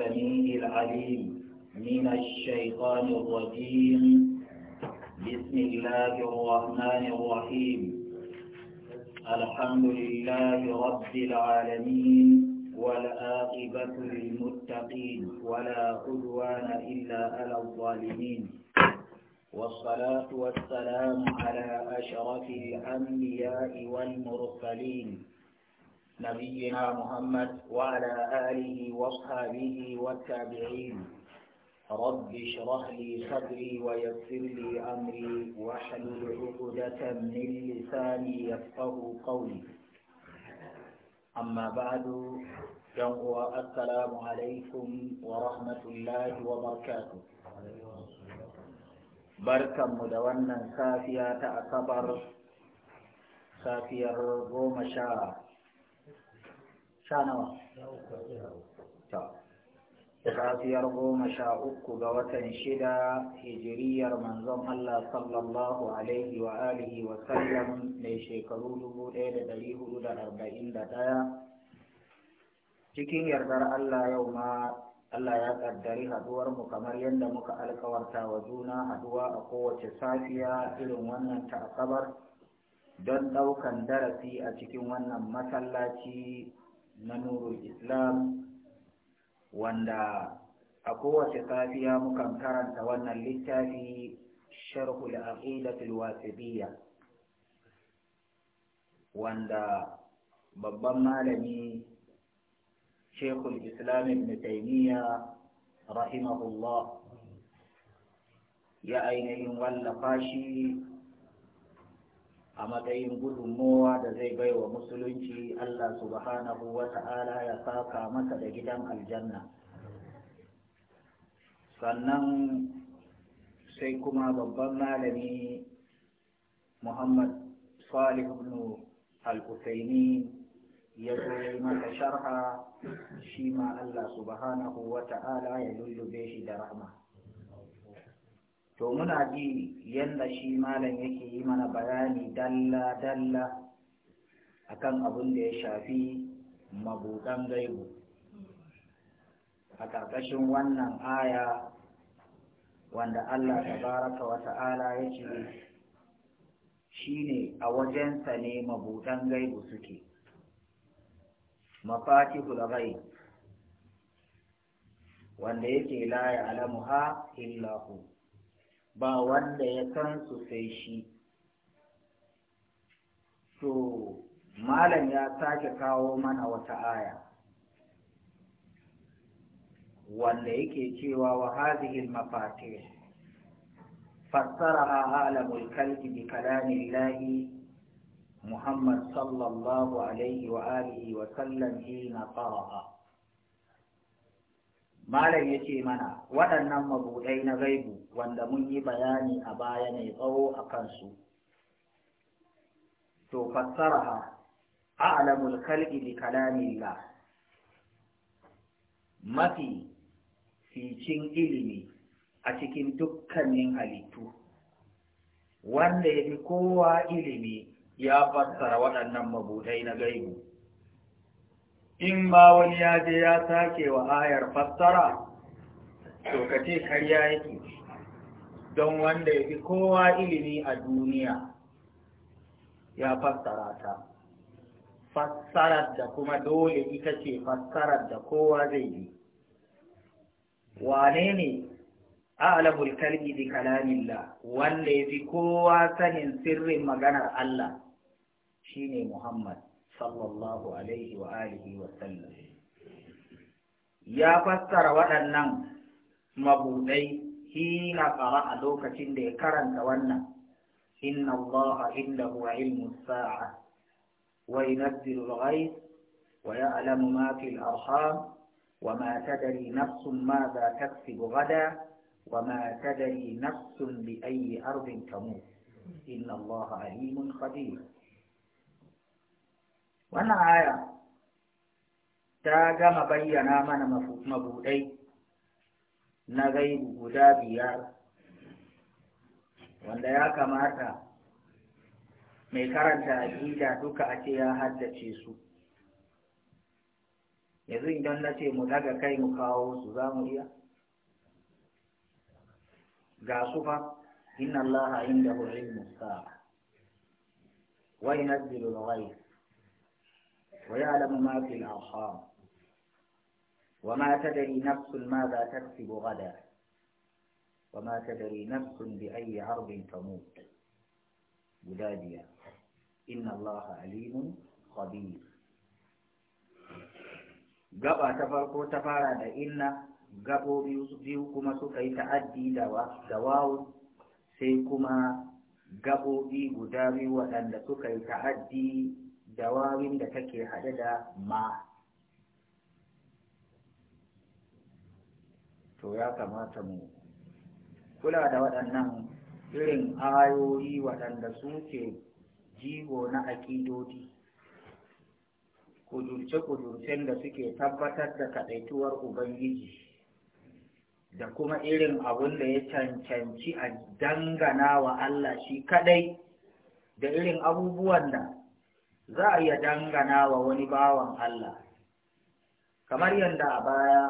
السميع العليم من الشيطان الرجيم بسم الله الرحمن الرحيم الحمد لله رب العالمين والآقبة للمتقين ولا عدوان إلا على الظالمين والصلاة والسلام على أشرف الأنبياء والمرسلين نبينا محمد وعلى آله وصحبه والتابعين رب اشرح لي صدري ويسر لي أمري واحلل عقدة من لساني يفقه قولي أما بعد يوم السلام عليكم ورحمة الله وبركاته بركة مدونا سافية تعتبر سافية asabar safiyar sha nawa da goma sha uku ga watan shida hijiriyar manzon Allah sallallahu alaihi wa alihi wa sallam mai shekaru dubu ɗaya da dari hudu da arba'in da ɗaya cikin yardar Allah yau ma Allah ya ƙaddari haduwar mu kamar yadda muka alkawarta wa juna haduwa a kowace safiya irin wannan ta asabar don ɗaukan darasi a cikin wannan masallaci na nurul islam wanda a kowace safiya mukan karanta wannan littafi sharhul aqidatul wasibiyya wanda babban malami shekul islam ibn taymiya rahimahullah ya ainihin wallafa shi a matsayin gudunmowa da zai bai wa musulunci Allah subhanahu wa ta'ala ya saka masa da gidan aljanna sannan sai kuma babban malami muhammad salih ibn al ya zo masa sharha shi ma Allah subhanahu wa ta'ala ya lullube shi da rahma to muna ji yadda shi malam yake yi mana bayani dalla-dalla kan abin da ya shafi mabukan gaibu a ƙarƙashin wannan aya wanda Allah tabaraka wa ta'ala ya ce shi ne a wajensa ne mabuɗan gaibu suke mafatihul bai wanda yake la alamu illa hu ba wanda ya san su sai shi to malam ya sake kawo mana wata aya wanda yake cewa wa hadhihi al-mafatih fassaraha alamul kalbi bi Muhammad sallallahu alaihi wa alihi wa sallam حين قرأ malam ya ce mana waɗannan mabuɗai na gaibu wanda mun yi bayani a baya mai tsawo a kansu to fassara a'lamul khalqi bi kalamillah mafi ficin ilimi a cikin dukkanin halittu wanda ya fi kowa ilimi ya fassara waɗannan mabuɗai na gaibu in ba wani ya je ya sake wa ayar fassara to ka ce karya yake don wanda ya fi kowa ilimi a duniya ya fassara ta fassarar da kuma dole ita ce fassarar da kowa zai yi wane ne a'lamul kalbi da kalamillah wanda ya fi kowa sanin sirrin maganar Allah shine Muhammad صلى الله عليه وآله وسلم يا فسر ودنا مبودي حين قرأ لوكا تندي كرن تونا إن الله عنده علم الساعة وينزل الغيث ويعلم ما في الأرحام وما تدري نفس ماذا تكسب غدا وما تدري نفس بأي أرض تموت إن الله عليم خبير wannan aya ta gama bayyana mana mabuɗai na gaibu guda biyar wanda ya kamata mai karanta aƙida duka a ce ya haddace su yanzu idan na ce mu daga kai mu kawo su za mu iya ga su fa inna allaha inda ilmu musa wa yunazzilu al ويعلم ما في الأرحام وما تدري نفس ماذا تكسب غدا وما تدري نفس بأي عرض تموت بلادية إن الله عليم خبير قبع تفرق تفارا إن قبع بيوكما سكي تعدي دواو سيكما قبع بيوكما سكي تعدي da da take haɗe da ma to ya kamata mu kula da waɗannan irin ayoyi waɗanda suke jigo na aƙidodi kudurce-kudurcen da suke tabbatar da kaɗaituwar ubangiji da kuma irin abun da ya cancanci a dangana wa Allah shi kaɗai da irin abubuwan da za a iya dangana wa wani bawan Allah kamar yadda a baya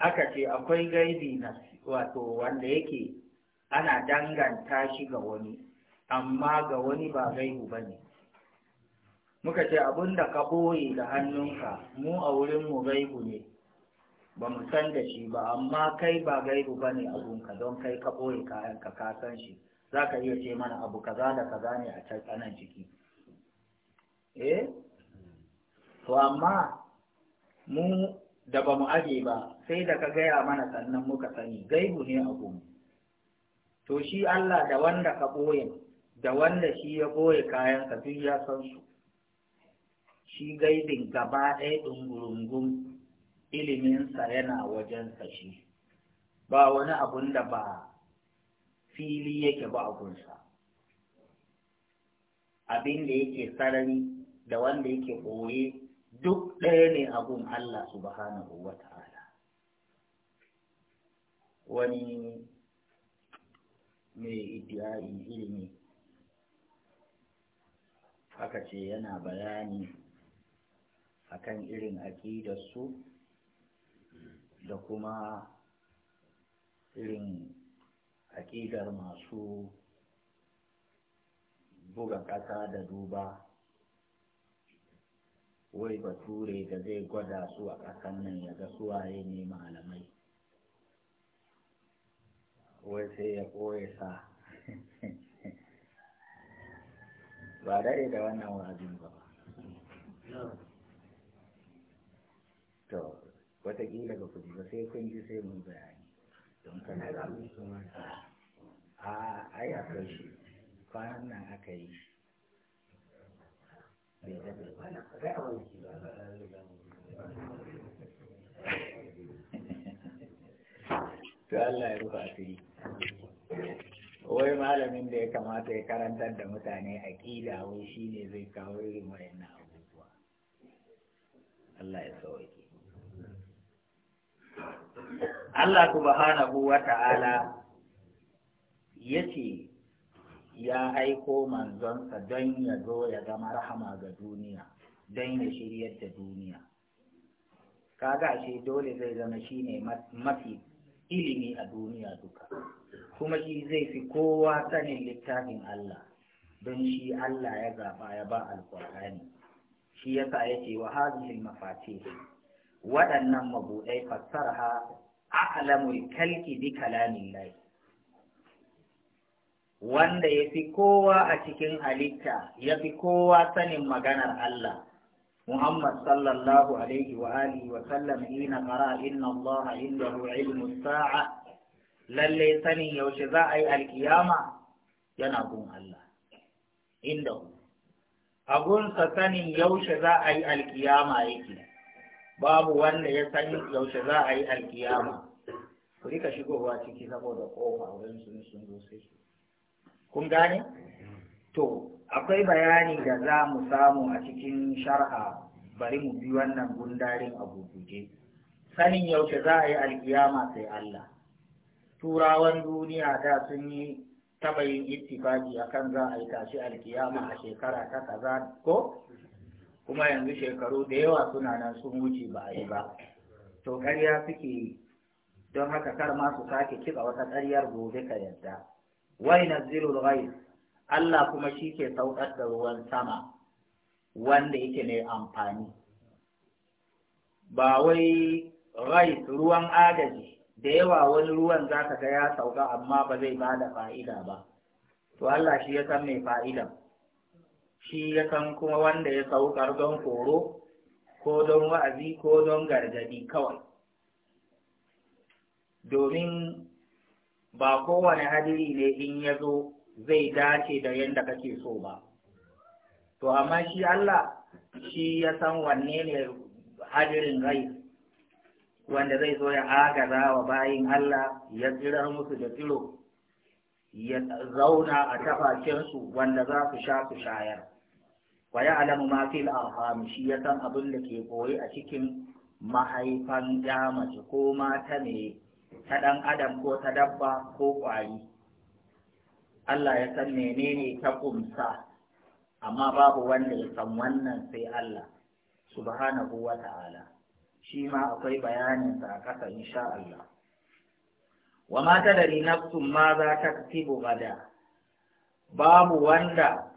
aka ce akwai gaibi na wato wanda yake ana danganta shi ga wani amma ga wani ba gaibu ba ne muka ce abin da ka ɓoye da hannunka mu a wurinmu gaibu ne ba mu san da shi ba amma kai ba gaibu ba ne abunka don kai ka ɓoye kayanka ka san shi za ka iya ce mana abu kaza da kaza ne a tsananin jiki. eh to amma mu da ba mu aje ba sai da ka gaya mana sannan muka sani gaibu ne a gumi to shi Allah da wanda ka ɓoye da wanda shi ya ɓoye kayansa duk ya san su shi gaibin gaba ɗaya ɗungurungun iliminsa yana wajensa shi ba wani abun da ba fili yake ba abunsa abin da yake sarari da wanda yake ɓoye duk ɗaya ne abun Allah subhanahu wa ta'ala wani mai iddiyayin ilimi haka ce yana bayani akan irin su da kuma irin aƙidar masu buga ƙasa da duba wai bature da zai gwada su a ƙasan nan ya ga suwaye ne malamai wai sai ya koya sa ba daɗe da wannan wajen ba to watakila ba ku ji ba sai kun ji sai mun bayani don kana da a ah, ai akwai shi kwanan nan aka yi shi to Allah ya rufa wai malamin da ya kamata ya karantar da mutane aqida wai shine zai kawo irin wayannan abubuwa Allah ya sauke Allah subhanahu wa ta'ala yace ya aiko manzonsa don ya zo ya zama rahama ga duniya don ya shiryar da duniya kaga shi dole zai zama shine mafi ilimi a duniya duka kuma shi zai fi kowa sanin littafin Allah don shi Allah ya zaɓa ya ba alƙur'ani shi ya yasa yake wa hadhihi mafati waɗannan mabuɗai a a'lamul kalki bi kalamin lahi wanda ya fi kowa a cikin halitta ya fi kowa sanin maganar Allah Muhammad sallallahu alaihi wa alihi wa sallam ina qara inna Allah indahu ilmu sa'a lalle sanin yaushe za a yi alkiyama yana gun Allah Inda a gunsa sanin yaushe za a yi alkiyama yake babu wanda ya san yaushe za a yi alkiyama ku rika shigowa ciki saboda kofa wurin sun sun zo sai kun gane to akwai bayani da za mu samu a cikin shar'a bari mu bi wannan gundarin a guguje sanin yaushe za a yi alkiyama sai Allah turawan duniya da sun yi taɓa yin ittifaki akan za a yi tashi alkiyama a shekara ta kaza ko kuma yanzu shekaru da yawa suna nan sun wuce ba a yi ba to ƙarya suke don haka kar ma su sake kiɓa wata ƙaryar gobe ka yadda wai nazilul ghaiz Allah kuma shi ke saukar da ruwan sama wanda yake mai amfani ba wai ghaiz ruwan agaji da yawa wani ruwan za ka ga ya sauka amma ba zai bada fa'ida ba to Allah shi ya san mai fa'idan shi ya san kuma wanda ya saukar don koro ko don wa'azi ko don gargadi kawai domin ba kowane hadiri ne in ya zo zai dace da yadda kake so ba to amma shi Allah shi ya san wanne ne hadirin rai wanda zai zo ya agaza wa bayin Allah ya tsirar musu da tsiro ya zauna a tafakensu wanda za su sha su shayar wa ya alamu ma fil shi ya san abin da ke koyi a cikin mahaifan ya mace ko mata ne ta ɗan adam ko ta dabba ko ƙwari Allah ya san menene ta kumsa amma babu wanda ya san wannan sai Allah subhanahu wa ta'ala shi ma akwai bayaninsa a ƙasa insha Allah wa ma tadari nafsun ma za ta kasibu gada babu wanda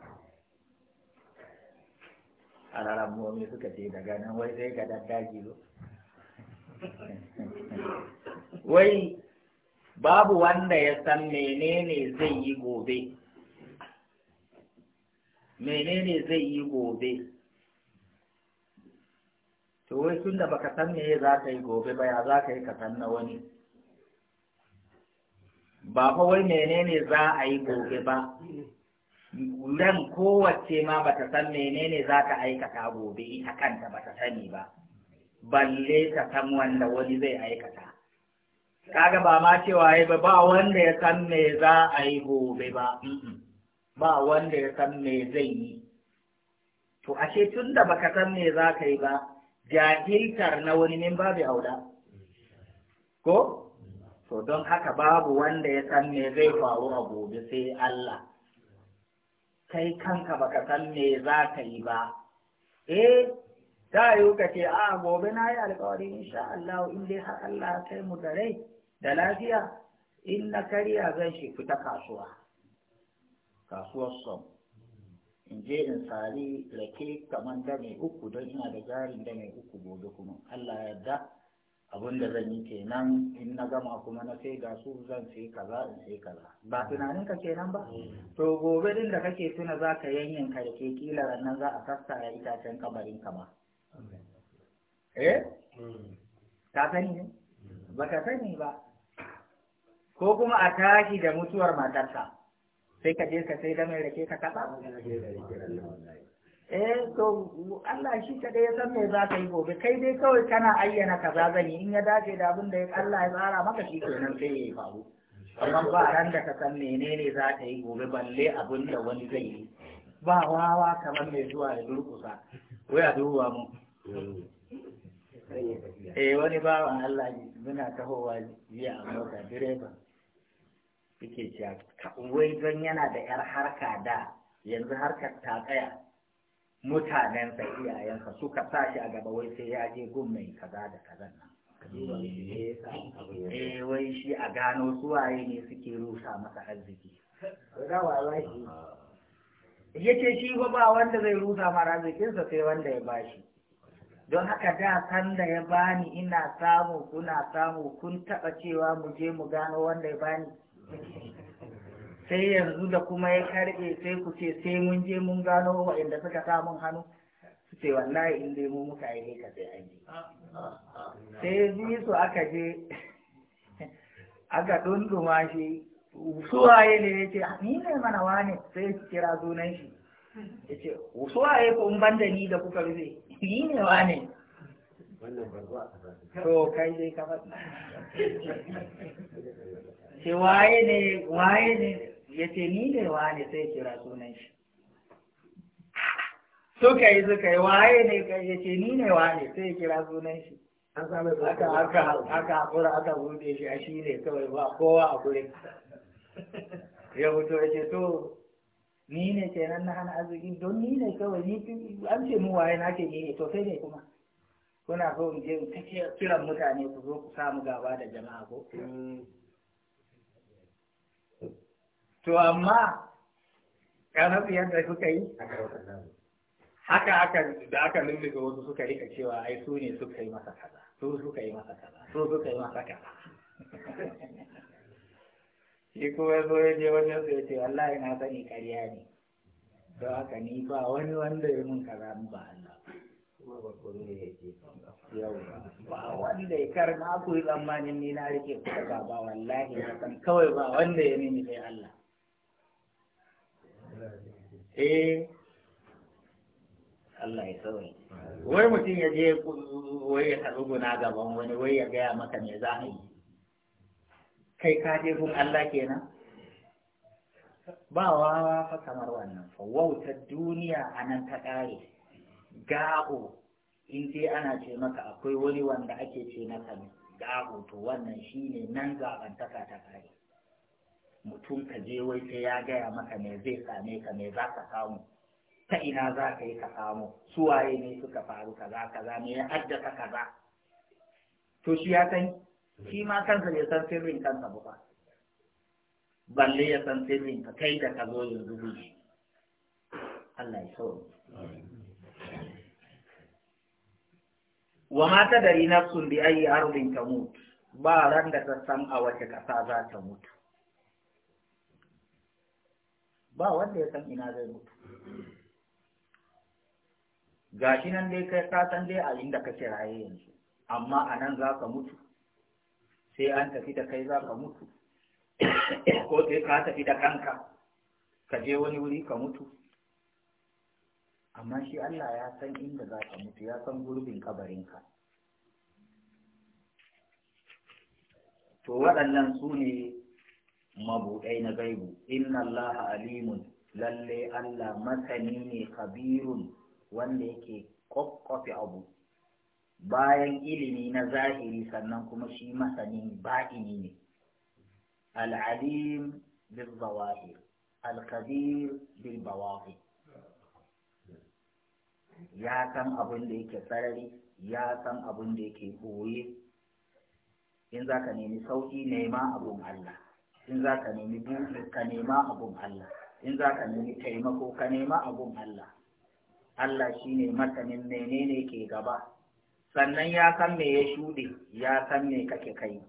a rarar suka ce daga nan wai sai ga daddaki zo wai babu wanda ya san menene zai yi gobe menene zai yi gobe to wai tun da baka san me za ka yi gobe ba ya za ka yi kasan na wani ba fa wai menene za a yi gobe ba ran kowace ma bata san menene za ta aikata gobe ita kanta bata sani ba balle ta san wanda wani zai aikata kaga ba ma cewa ba ba wanda ya san me za a yi gobe ba ba wanda ya san me zai yi to ashe tun da baka san me za ka yi ba jahiltar na wani min babu auda, ko to don haka babu wanda ya san me zai faru a gobe sai Allah kai kanka baka san me za ka yi ba eh ta yiwu ka ce a gobe na yi alkawari insha Allah in dai har Allah ya kai mu da rai da lafiya in na karya zan shi fita kasuwa kasuwar som in je in sari rake kamar da mai uku don ina da jarin da mai uku gobe kuma Allah ya da abin da zan yi kenan in na gama kuma na sai ga su zan sai kaza in sai kaza ba tunanin ka kenan ba to gobe din da kake tuna zaka ka yanyan karke kila nan za a kasta itacen kabarin ka ba eh hmm. ka sani ne hmm. ba ka sani ba ko kuma a tashi da mutuwar matarsa sai ka je ka sai da mai rake ka kasa eh to Allah shi kadai ya san me za ka yi gobe kai dai kawai kana ayyana kaza zan yi in ya dace da abin da Allah ya tsara maka shi kenan sai ya yi faru amma ba ran da ka san menene za ka yi gobe balle abin da wani zai yi ba wawa kamar mai zuwa ya durkusa wai a duba mu eh wani bawa Allah muna tahowa jiya a mota direba suke cewa wai don yana da yar harka da yanzu harkar ta tsaya mutanensa iyayensa suka sa shi a gaba wai sai ya je gun mai kaza da kaza nan eh, eh wai shi a gano suwaye ne suke rusa masa arziki ya ce shi ba wanda zai rusa mara arzikinsa sai wanda ya bashi don haka da sanda ya bani ina samu kuna samu kun taɓa cewa mu je mu gano wanda ya bani sai yanzu da kuma ya karbe sai ku ce sai mun je mun gano waɗanda suka samun hannu su ce wallahi in dai mu muka yi haka sai an je sai bi su aka je aka dunduma shi suwaye ne ya ce ah, ni ne mana wane sai kira sunan shi ya ce suwaye ko in ban da ni da kuka rufe yi ne wa ne to kai dai ka faɗi ce waye ne waye ne ya ce ni ne wa ne sai kira sunan shi suka yi suka yi waye ne ya ce ni ne wa ne sai kira sunan shi aka aka aka hakura aka buɗe shi a shi ne kawai ba kowa a gurin ya fito ya ce to ni ne nan na hana arziki don ni ne kawai ni an ce mu waye na ce ni ne to sai ne kuma kuna so in je ta kiran mutane ku zo ku samu gaba da jama'a ko to amma karar yadda kuka yi haka aka da aka lulluga wasu suka rika cewa ai su ne suka yi masa kaza su suka yi masa kaza su suka yi masa kaza shi kuma ya zo ya je wajen su ya ce wallahi na sani karya ne don haka ni ba wani wanda ya mun kaza mu ba Allah ba wanda ya kar na ku yi tsammanin ni na rike kuka ba wallahi na san kawai ba wanda ya nemi sai Allah eh Allah ya sauri wai mutum ya je wai ya haɗu guna gaban wani wai ya gaya maka me za a yi kai ka je gun Allah kenan ba wawa fa kamar wannan fa wautar duniya a nan ta ƙare ga'o in dai ana ce maka akwai wani wanda ake ce kan ga'o to wannan shine nan zaɓantaka ta ƙare mutum ka je wai sai ya gaya maka me zai same ka me za ka samu ta ina za ka yi ka samu suwaye ne suka faru kaza kaza me ya haddasa kaza to shi ya san shi ma kansa ya san sirrin kansa ba balle ya san sirrin ka kai da ka zo yanzu guji Allah ya sauri wa ma ta dari nafsun bi ayi ardin Mut, ba ran da ta san a wace kasa za ta mutu ba wanda ya san ina zai mutu gashi nan dai kai ka san dai a inda kake raye yanzu amma a nan za ka mutu sai an tafi da kai za ka mutu ko sai ka tafi da kanka ka je wani wuri ka mutu amma shi Allah ya san inda za ka mutu ya san gurbin kabarinka to waɗannan su ne mabuɗai na gaibu inna Allah alimun lalle Allah masani ne kabirun wanda yake kwakwafi abu bayan ilimi na zahiri sannan kuma shi masanin ba'ini ne al'alim bil zawahir al-kabir bil bawahi ya san abin da yake sarari ya san abin da yake boye in za ka nemi sauƙi nema abun Allah in za ka nemi buɗe ka nema abun Allah in za ka nemi taimako ka nema abun Allah Allah shine masanin menene ke gaba sannan ya san me ya shuɗe ya san me kake kai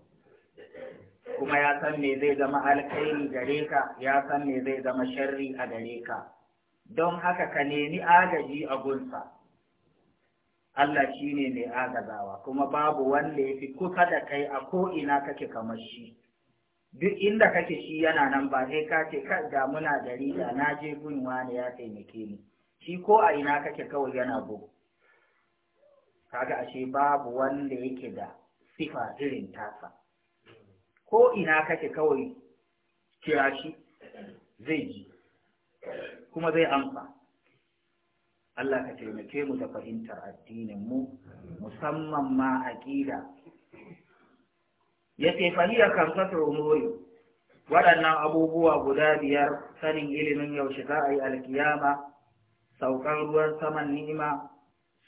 kuma ya san me zai zama alkhairi gare ka ya san me zai zama sharri a gare ka don haka ka nemi agaji a gunsa Allah shi ne mai agazawa kuma babu wanda ya fi kusa da kai a ko ina kake kamar shi duk inda kake shi yana nan ba sai ka ce kan da muna gari da na je gunwa ne ya taimake ni shi ko a ina kake kawai yana bugu kaga ashe babu wanda yake da sifa irin tasa ko ina kake kawai kira shi zai ji kuma zai amsa Allah ka taimake mu da fahimtar addinin mu musamman ma aqida yace fahiya kamsatar umuri waɗannan abubuwa guda biyar sanin ilimin yaushe za a yi alkiyama saukan ruwan saman ni'ima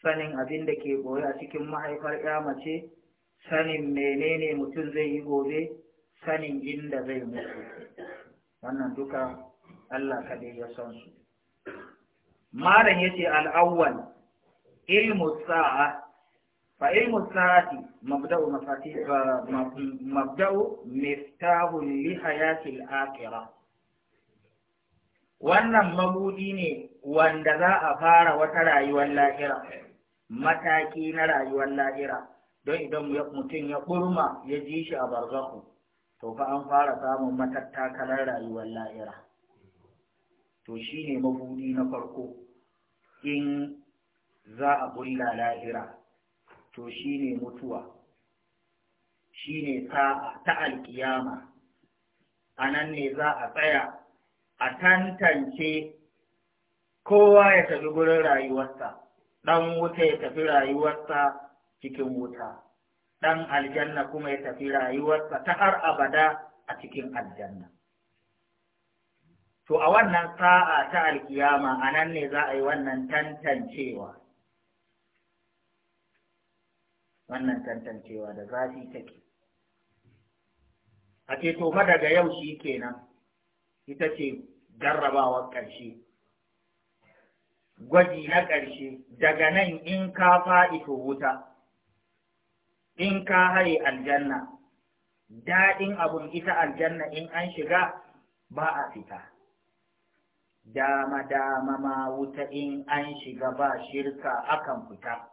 sanin abin da ke goye a cikin mahaifar ya mace sanin menene mutum zai yi gobe sanin inda zai mutu wannan duka Allah kaɗai ya san su malam yace al-awwal ilmu sa'a fa ilmu sa'ati mabda'u mafati mabda'u miftahu li hayatil akhirah wannan mabudi ne wanda za a fara wata rayuwar lahira mataki na rayuwar lahira don idan mutum ya kurma ya ji shi a barzaku to fa an fara samun matattakalar rayuwar lahira to shi ne mabudi na farko in za a bulla lahira to shi ne mutuwa shi ne ta alkiyama a nan ne za a tsaya a tantance kowa ya tafi gurin rayuwarsa ɗan wuta ya tafi rayuwarsa cikin wuta ɗan aljanna kuma ya tafi rayuwarsa ta har abada a cikin aljanna to a wannan sa'a ta alkiyama a nan ne za a yi wannan tantancewa wannan tantancewa da zafi take a ce to daga yau shi kenan ita ce jarrabawar ƙarshe gwaji na ƙarshe daga nan in ka faɗi to wuta in ka haye aljanna daɗin abun ita aljanna in an shiga ba a fita dama dama ma wuta in an shiga ba shirka akan fita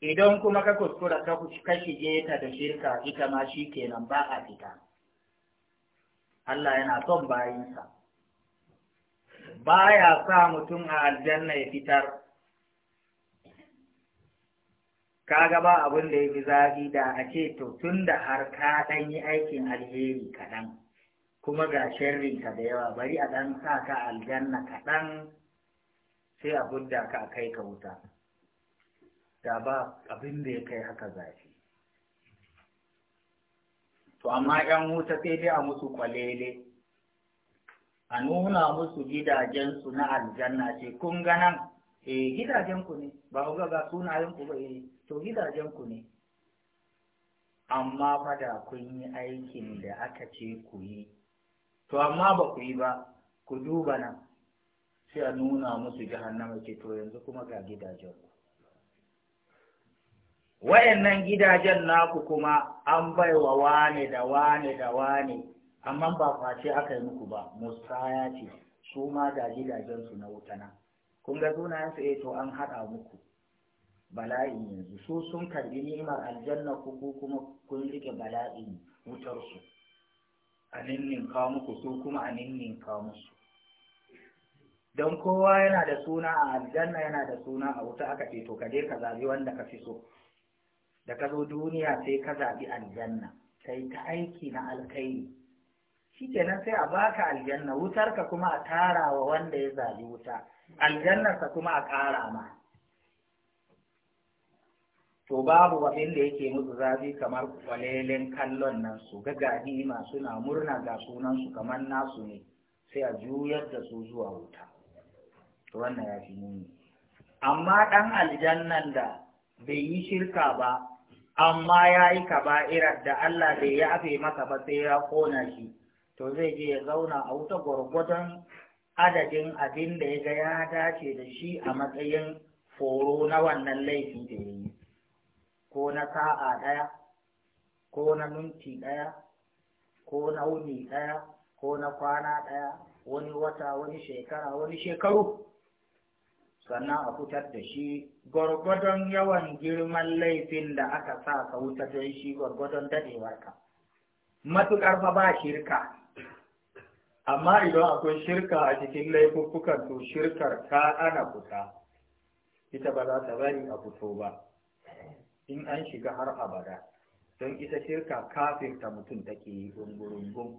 idan kuma ka kuskura ka shige ta da shirka ita ma shi kenan ba a fita Allah yana son bayinsa. baya sa mutum a aljanna ya fitar kaga ba abin da ya fi zafi da a ce to tun da har ka ɗan yi aikin alheri kaɗan kuma ga sharrinka da yawa bari a ɗan sa ka aljanna kaɗan sai a hudda ka kai ka wuta da ba abin da ya kai haka zafi to amma 'yan wuta sai dai a musu kwalele a nuna musu gidajensu na aljanna ce kun ganan eh gidajenku ne ba ku ga sunayenku ba eh to gidajenku ne amma fa da kun yi aikin da aka ce ku yi to amma ba ku yi ba ku duba nan sai a nuna musu jahannama ce to yanzu kuma ga gidajenku wayannan gidajen naku kuma an baiwa wane da wane da wane amma ba face aka yi muku ba musaya ce su ma ga gidajensu na wutana kun ga sunayensu eh to an haɗa muku bala'in yanzu su sun karbi ni'imar aljanna ku kuma kun rike bala'in wutarsu a ninninka muku su kuma a ninninka musu don kowa yana da suna a aljanna yana da suna a wuta aka ce to kaje ka zabi wanda ka fi so da ka zo duniya sai ka zabi aljanna Sai ta aiki na alkhairi kenan sai a baka aljanna wutarka kuma a tara wa wanda ya zabi wuta aljannarsa kuma a ƙara ma to babu abin da yake musu zafi kamar kwalelen kallon nan su ga masu suna murna ga sunan su kamar nasu ne sai a juyar da su zuwa wuta to wannan ya fi nuni amma ɗan aljannan da bai yi shirka ba amma ya yi kaba'irar da Allah bai ya afe masa ba sai ya kona shi to zai je ya zauna a wuta gwargwadon adadin abin da ya ga ya dace da shi a matsayin foro na wannan laifi da ya yi ko na sa'a ɗaya ko na minti ɗaya ko na wuni ɗaya ko na kwana ɗaya wani wata wani shekara wani shekaru sannan a fitar da shi gwargwadon yawan girman laifin da aka sa ka wuta don shi gwargwadon daɗewarka matuƙar fa ba shirka amma idan akwai shirka a cikin laifuffukan to shirkar ta ana fita ita ba za ta bari a fito ba in an shiga har abada don ita shirka kafirta mutum take yi gungurungun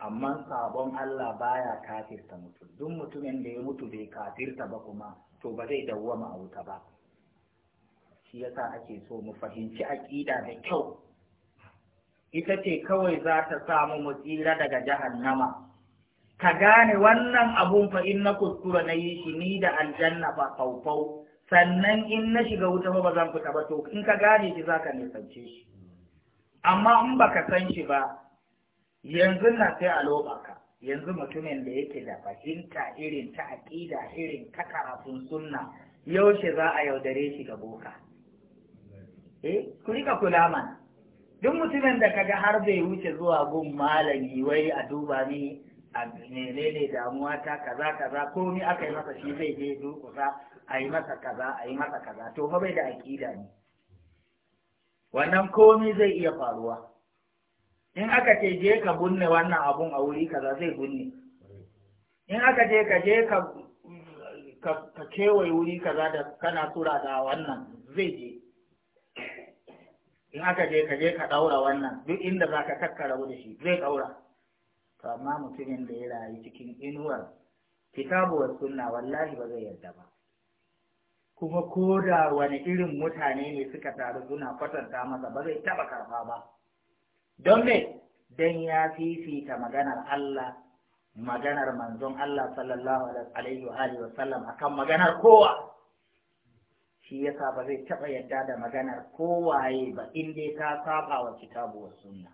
amma sabon Allah baya kafirta mutum duk mutumin da ya mutu bai kafirta ba kuma to ba zai dawwama a wuta ba shi yasa ake so mu fahimci aƙida da kyau ita ce kawai za ta samu mu tsira daga jahannama ka gane wannan abun fa in na kuskura na yi shi ni da aljanna ba faufau sannan in na shiga wuta ba zan fita ba to in ka gane shi za ka nisance shi amma in ba ka san shi ba yanzu na sai a loba ka yanzu mutumin da yake da fahimta irin ta aƙida irin ta karatun sunna yaushe za a yaudare shi ga boka eh ku rika kula mana duk mutumin da kaga har bai wuce zuwa gun malami wai a duba ni a menene damuwa ta kaza kaza ko ni aka yi masa shi zai je durkusa a yi masa kaza a yi masa kaza to fa bai da aƙida ne wannan komi zai iya faruwa in aka ce je ka gunne wannan abun a wuri kaza zai gunne. in aka je ka je ka ka kewaye wuri kaza da kana tura da wannan zai je in aka je ka je ka ɗaura wannan duk inda za ka rabu da shi zai ɗaura to amma mutumin da ya rayu cikin inuwar kitabu wa sunna wallahi ba zai yarda ba kuma ko da wani irin mutane ne suka taru suna kwatanta masa ba zai taɓa karfa ba don me Dan ya fifita maganar Allah maganar manzon Allah sallallahu alaihi wa wa sallam akan maganar kowa shi yasa ba zai taɓa yadda da maganar kowaye ba in dai ta saba wa kitabu wa sunna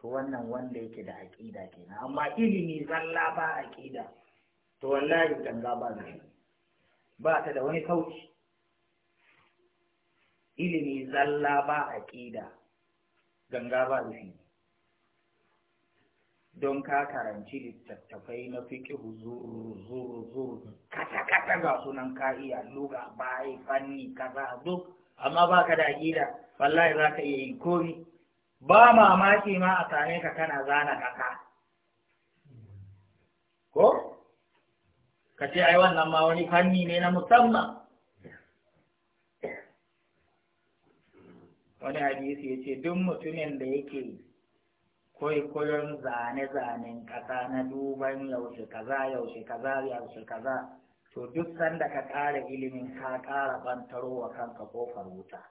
to wannan wanda yake da aƙida kenan amma ilimi zalla ba aƙida to wallahi ganga ba zai ba ta da wani kauci ilimi zalla ba aƙida ganga ba rufi don ka karanci littattafai na fiƙi zuru zuru zuru kasa ga sunan ka iya luga bai fanni kaza duk amma ba ka da gida, wallahi za ka iya yi komi ba mamaki ma a same ka kana zana kaka. ko ka ce ai wannan ma wani fanni ne na musamman wani hadisi ya ce duk mutumin da yake kwaikwayon zane-zanen ƙasa na duban yaushe kaza yaushe kaza yaushe kaza to duk sanda ka ƙara ilimin ka ƙara bantarwa kanka kofar wuta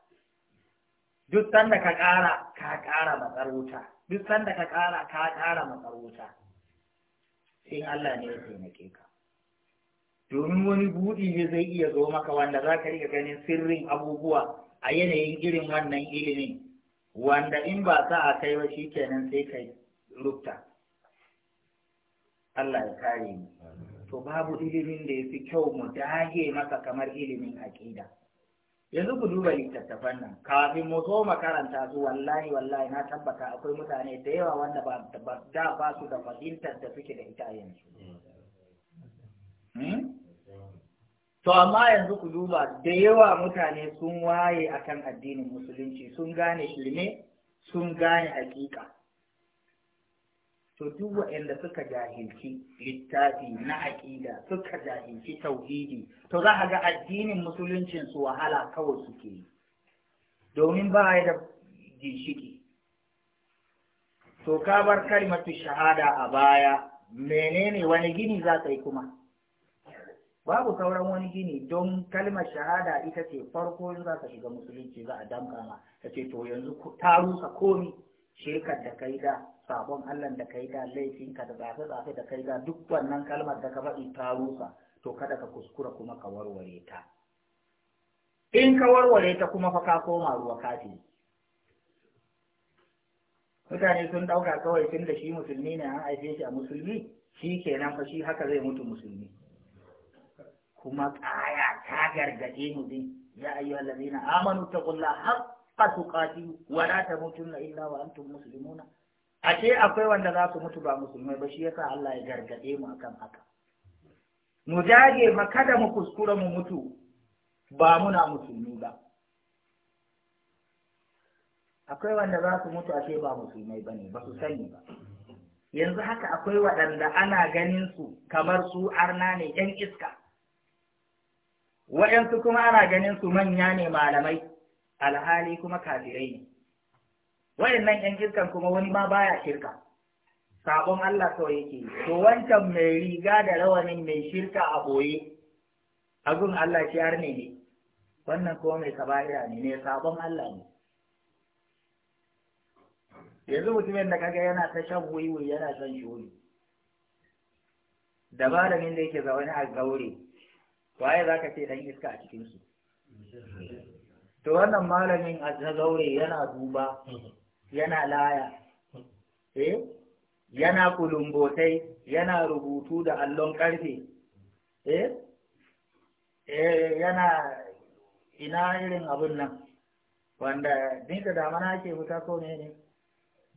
duk sanda ka ƙara ka ƙara matsar wuta duk sanda ka ƙara ka ƙara matsar wuta sai Allah ne ya taimake ka domin wani buɗi ne zai iya zo maka wanda za ka iya ganin sirrin abubuwa a yanayin irin wannan ilimin wanda in ba sa a kai ba shikenan sai kai rubuta, Allah ya kare mu to babu ilimin da yafi kyau mu dage maka kamar ilimin aqida yanzu ku duba littattafan nan kafin mu zo makaranta su wallahi wallahi na tabbata akwai mutane da yawa wanda ba da ba su da fahimtar da suke da ita yanzu hmm? To amma yanzu ku duba da yawa mutane sun waye akan addinin musulunci sun gane shirme sun gane hakika. To duk waɗanda suka jahilci littafi na aƙida suka jahilci tauhidi to za a ga addinin musuluncin su wahala kawai suke yi domin ba ya da ginshiki. To ka bar kalmatu shahada a baya menene wani gini za ka yi kuma? babu sauran wani gini don kalmar shahada ita ce farko za ka shiga musulunci za a damka ma ta ce to yanzu ta rusa komi shekar da kai da sabon allah da kai da ka da zafe zafe da kai da duk wannan kalmar da ka faɗi ta rusa to kada ka kuskura kuma ka warware ta in ka warware ta kuma fa ka koma ruwa kafin mutane sun ɗauka kawai tun da shi musulmi ne an haife shi a musulmi shi kenan fa shi haka zai mutu musulmi kuma kaya ta gargaɗe mu din ya ayyuha allazina amanu taqulla haqqa tuqati wa la tamutunna illa wa antum muslimuna ashe akwai wanda za su mutu ba musulmai ba shi yasa Allah ya gargaɗe mu akan haka mu dage ma kada mu kuskura mu mutu ba muna musulmi ba akwai wanda za su mutu ashe ba musulmai ba ne ba su sani ba yanzu haka akwai waɗanda ana ganin su kamar su arna ne yan iska waɗansu kuma ana ganin su manya ne malamai alhali kuma kafirai ne waɗannan ‘yan iskan kuma wani ma baya shirka sabon Allah so yake to wancan mai riga da rawanin mai shirka a boye agun Allah shi har ne ne wannan kuma mai kaba'ira ne ne sabon Allah ne yanzu mutumin da kaga yana ta shan wiwi yana son shi da malamin da yake zaune a gaure waye za ka ce ɗan iska a cikinsu to wannan malamin a zaure yana duba yana laya eh yana kulumbotai yana rubutu da allon ƙarfe eh, eh yana ina irin abun nan wanda dinka da mana ke fita ko ne ne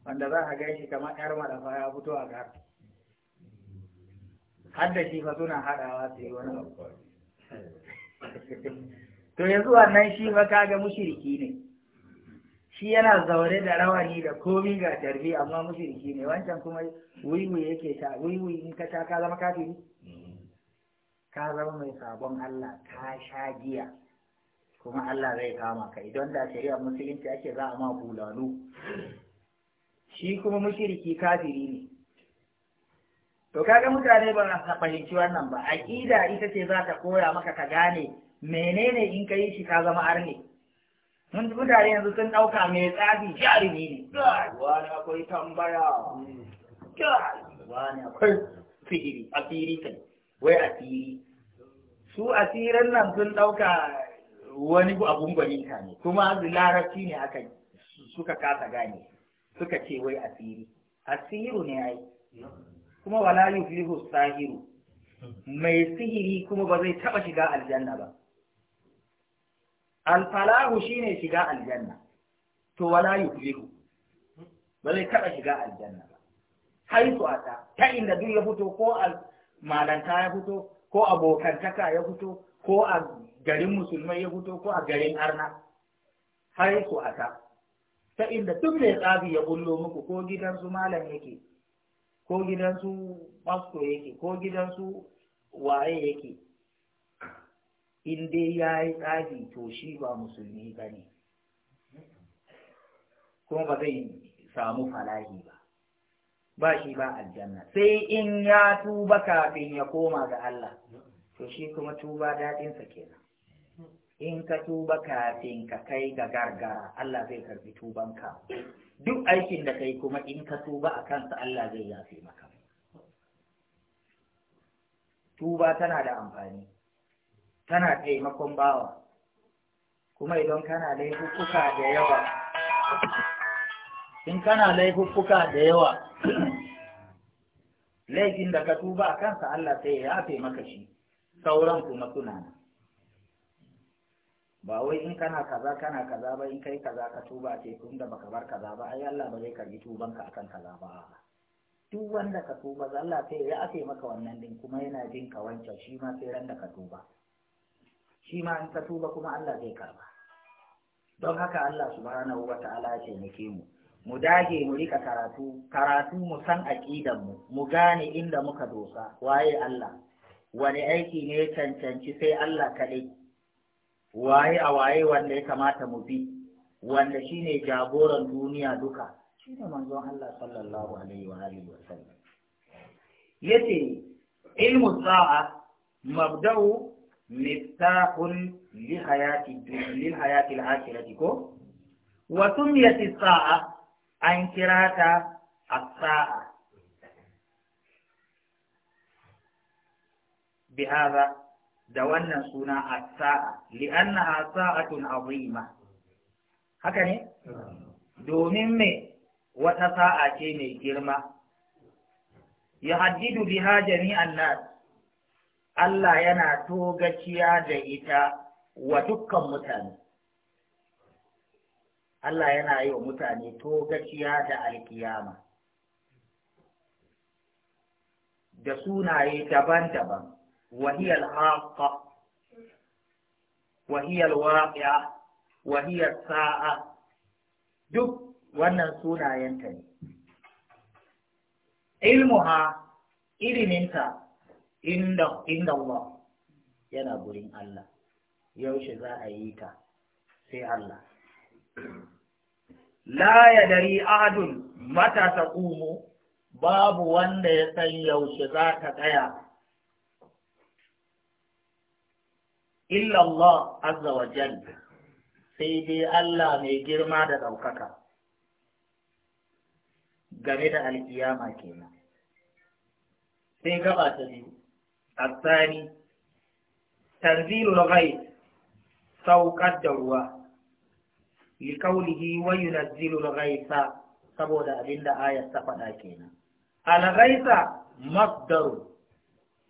wanda za a shi kamar yar madafa ya fito a gar har da shi fa suna haɗawa su yi wani abu to yanzu wannan shi ba ga mushiriki ne shi yana zaure da rawani da komi ga tarbi amma mushiriki ne wancan kuma wiwi yake ta wiwi in ka sha ka zama kafiri ka zama mai sabon Allah ka sha giya kuma Allah zai kama ka idan da shari'a musulunci ake za a ma bulalo shi kuma mushiriki kafiri ne to kaga mutane ba su fahimci wannan ba aqida ita ce za ta koya maka ka gane menene in ka yi shi ka zama arne mun mutane yanzu sun ɗauka mai tsafi jarumi ne wani akwai tambaya wani akwai sihiri asiri kai wai asiri su asirin nan sun ɗauka wani abun gwaninta ne kuma larabci ne aka suka kasa gane suka ce wai asiri asiru ne ai kuma wala yuflihu sahiru mai sihiri kuma ba zai taba shiga aljanna ba alfalahu shine shiga aljanna to wala yuflihu ba zai taba shiga aljanna ba haitu ata ta inda duk ya fito ko al malanta ya fito ko abokantaka ya fito ko a garin musulmai ya fito ko a garin arna haitu ata ta inda duk da ya tsabi ya bullo muku ko gidan su malam yake ko gidansu su yake ko gidan su waye yake in dai ya yi tsafi to shi ba musulmi ba ne kuma ba zai samu falahi ba ba shi ba aljanna sai in ya tuba kafin ya koma ga Allah to shi kuma tuba daɗinsa kenan in ka tuba kafin ka kai ga gargara Allah zai karbi tubanka duk aikin da kai kuma in ka tuba a kansa Allah zai yafe maka tuba tana da amfani tana taimakon bawa kuma idan kana laifuka da yawa in kana laifuka da yawa laifin da ka tuba a kansa Allah sai ya yafe maka shi sauran kuma tunana. ba wai in kana kaza kana kaza ba in kai kaza ka tuba ce tun da baka bar kaza ba ai Allah ba zai karbi ka akan kaza ba duk wanda ka tuba Allah sai ya ake maka wannan din kuma yana jin ka wancan shi ma sai ran da ka tuba shi ma in ka tuba kuma Allah zai karba don haka Allah subhanahu wata'ala ya taimake mu mu dage mu rika karatu karatu mu san aqidan mu mu gane inda muka dosa waye Allah wani aiki ne cancanci sai Allah kadai waye a waye wanda ya kamata mu bi wanda shine jagoran duniya duka shine manzon Allah sallallahu alaihi wa alihi wa sallam yace ilmu sa'a mabda'u miftahun li hayati li hayati al-akhirati ko wa sumiyat saa an kirata as-sa'a bihadha da wannan suna a saa a sa'atun azima haka ne domin me wata sa'a ce mai girma ya haddidu biha jami'an nas Allah yana togaciya da ita wa dukkan mutane Allah yana yi wa mutane togaciya da alkiyama da sunaye daban-daban وهي الحاقة وهي الواقعة وهي الساعة duk wannan sunayenta ne. Ilmuha iliminta inda Allah yana gurin Allah, yaushe za a yi ta sai Allah. La ya dari ahadun mata ta babu wanda ya san yaushe za ta tsaya illallah azza wa jalla sai dai Allah mai girma da ɗaukaka game da alkiyama kenan sai gaba ta biyu asani tanzilul ghaib saukar da ruwa liqaulihi wa yunazzilul ghaisa saboda abinda ayar ta faɗa kenan al-ghaisa masdaru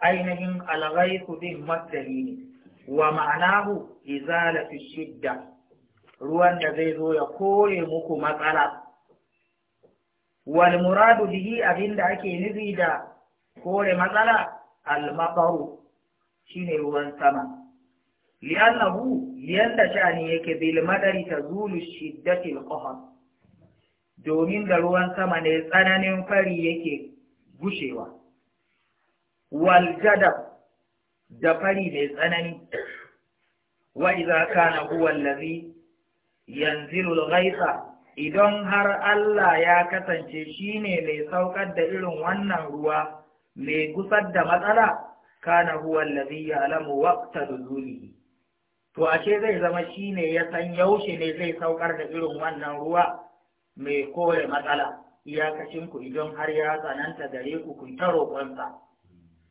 ainihin al-ghaisu din masdari wa ma'anahu izalati shidda ruwan da zai zo ya kore muku matsala wal muradu bihi abinda ake nufi da kore matsala al maqaru shine ruwan sama li'annahu yanda shani yake bil madari tazulu shiddati al qahar domin da ruwan sama ne tsananin fari yake gushewa wal jadab da fari mai tsanani wa idza kana huwa allazi yanzilu al ghaytha idan har Allah ya kasance shine mai saukar da irin wannan ruwa mai gusar da matsala kana huwa allazi ya'lamu waqta nuzulihi to ashe zai zama shine ya san yaushe ne zai saukar da irin wannan ruwa mai kore matsala iyakacin ku idan har ya tsananta gare ku ku ta roƙonsa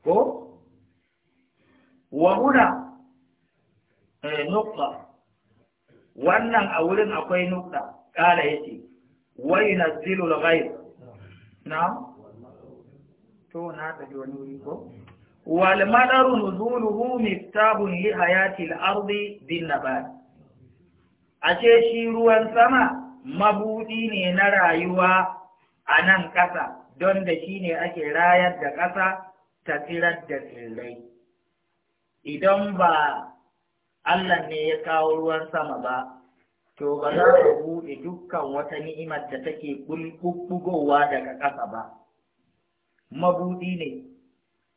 ko وهنا نقطة eh, wannan a wurin akwai nukta kala yake wai nazilul ghaib na to na ji wani wuri ko wal madaru nuzuluhu miftabun li hayati al ardi bin nabat ace shi ruwan sama mabudi ne na rayuwa a nan kasa don da shi ne ake rayar da kasa ta tsirar da tsirrai idan ba Allah ne ya kawo ruwan sama ba, to ba za ka buɗe dukkan wata ni'imar da take ɓuɓɓugowa daga ƙasa ba. Mabuɗi ne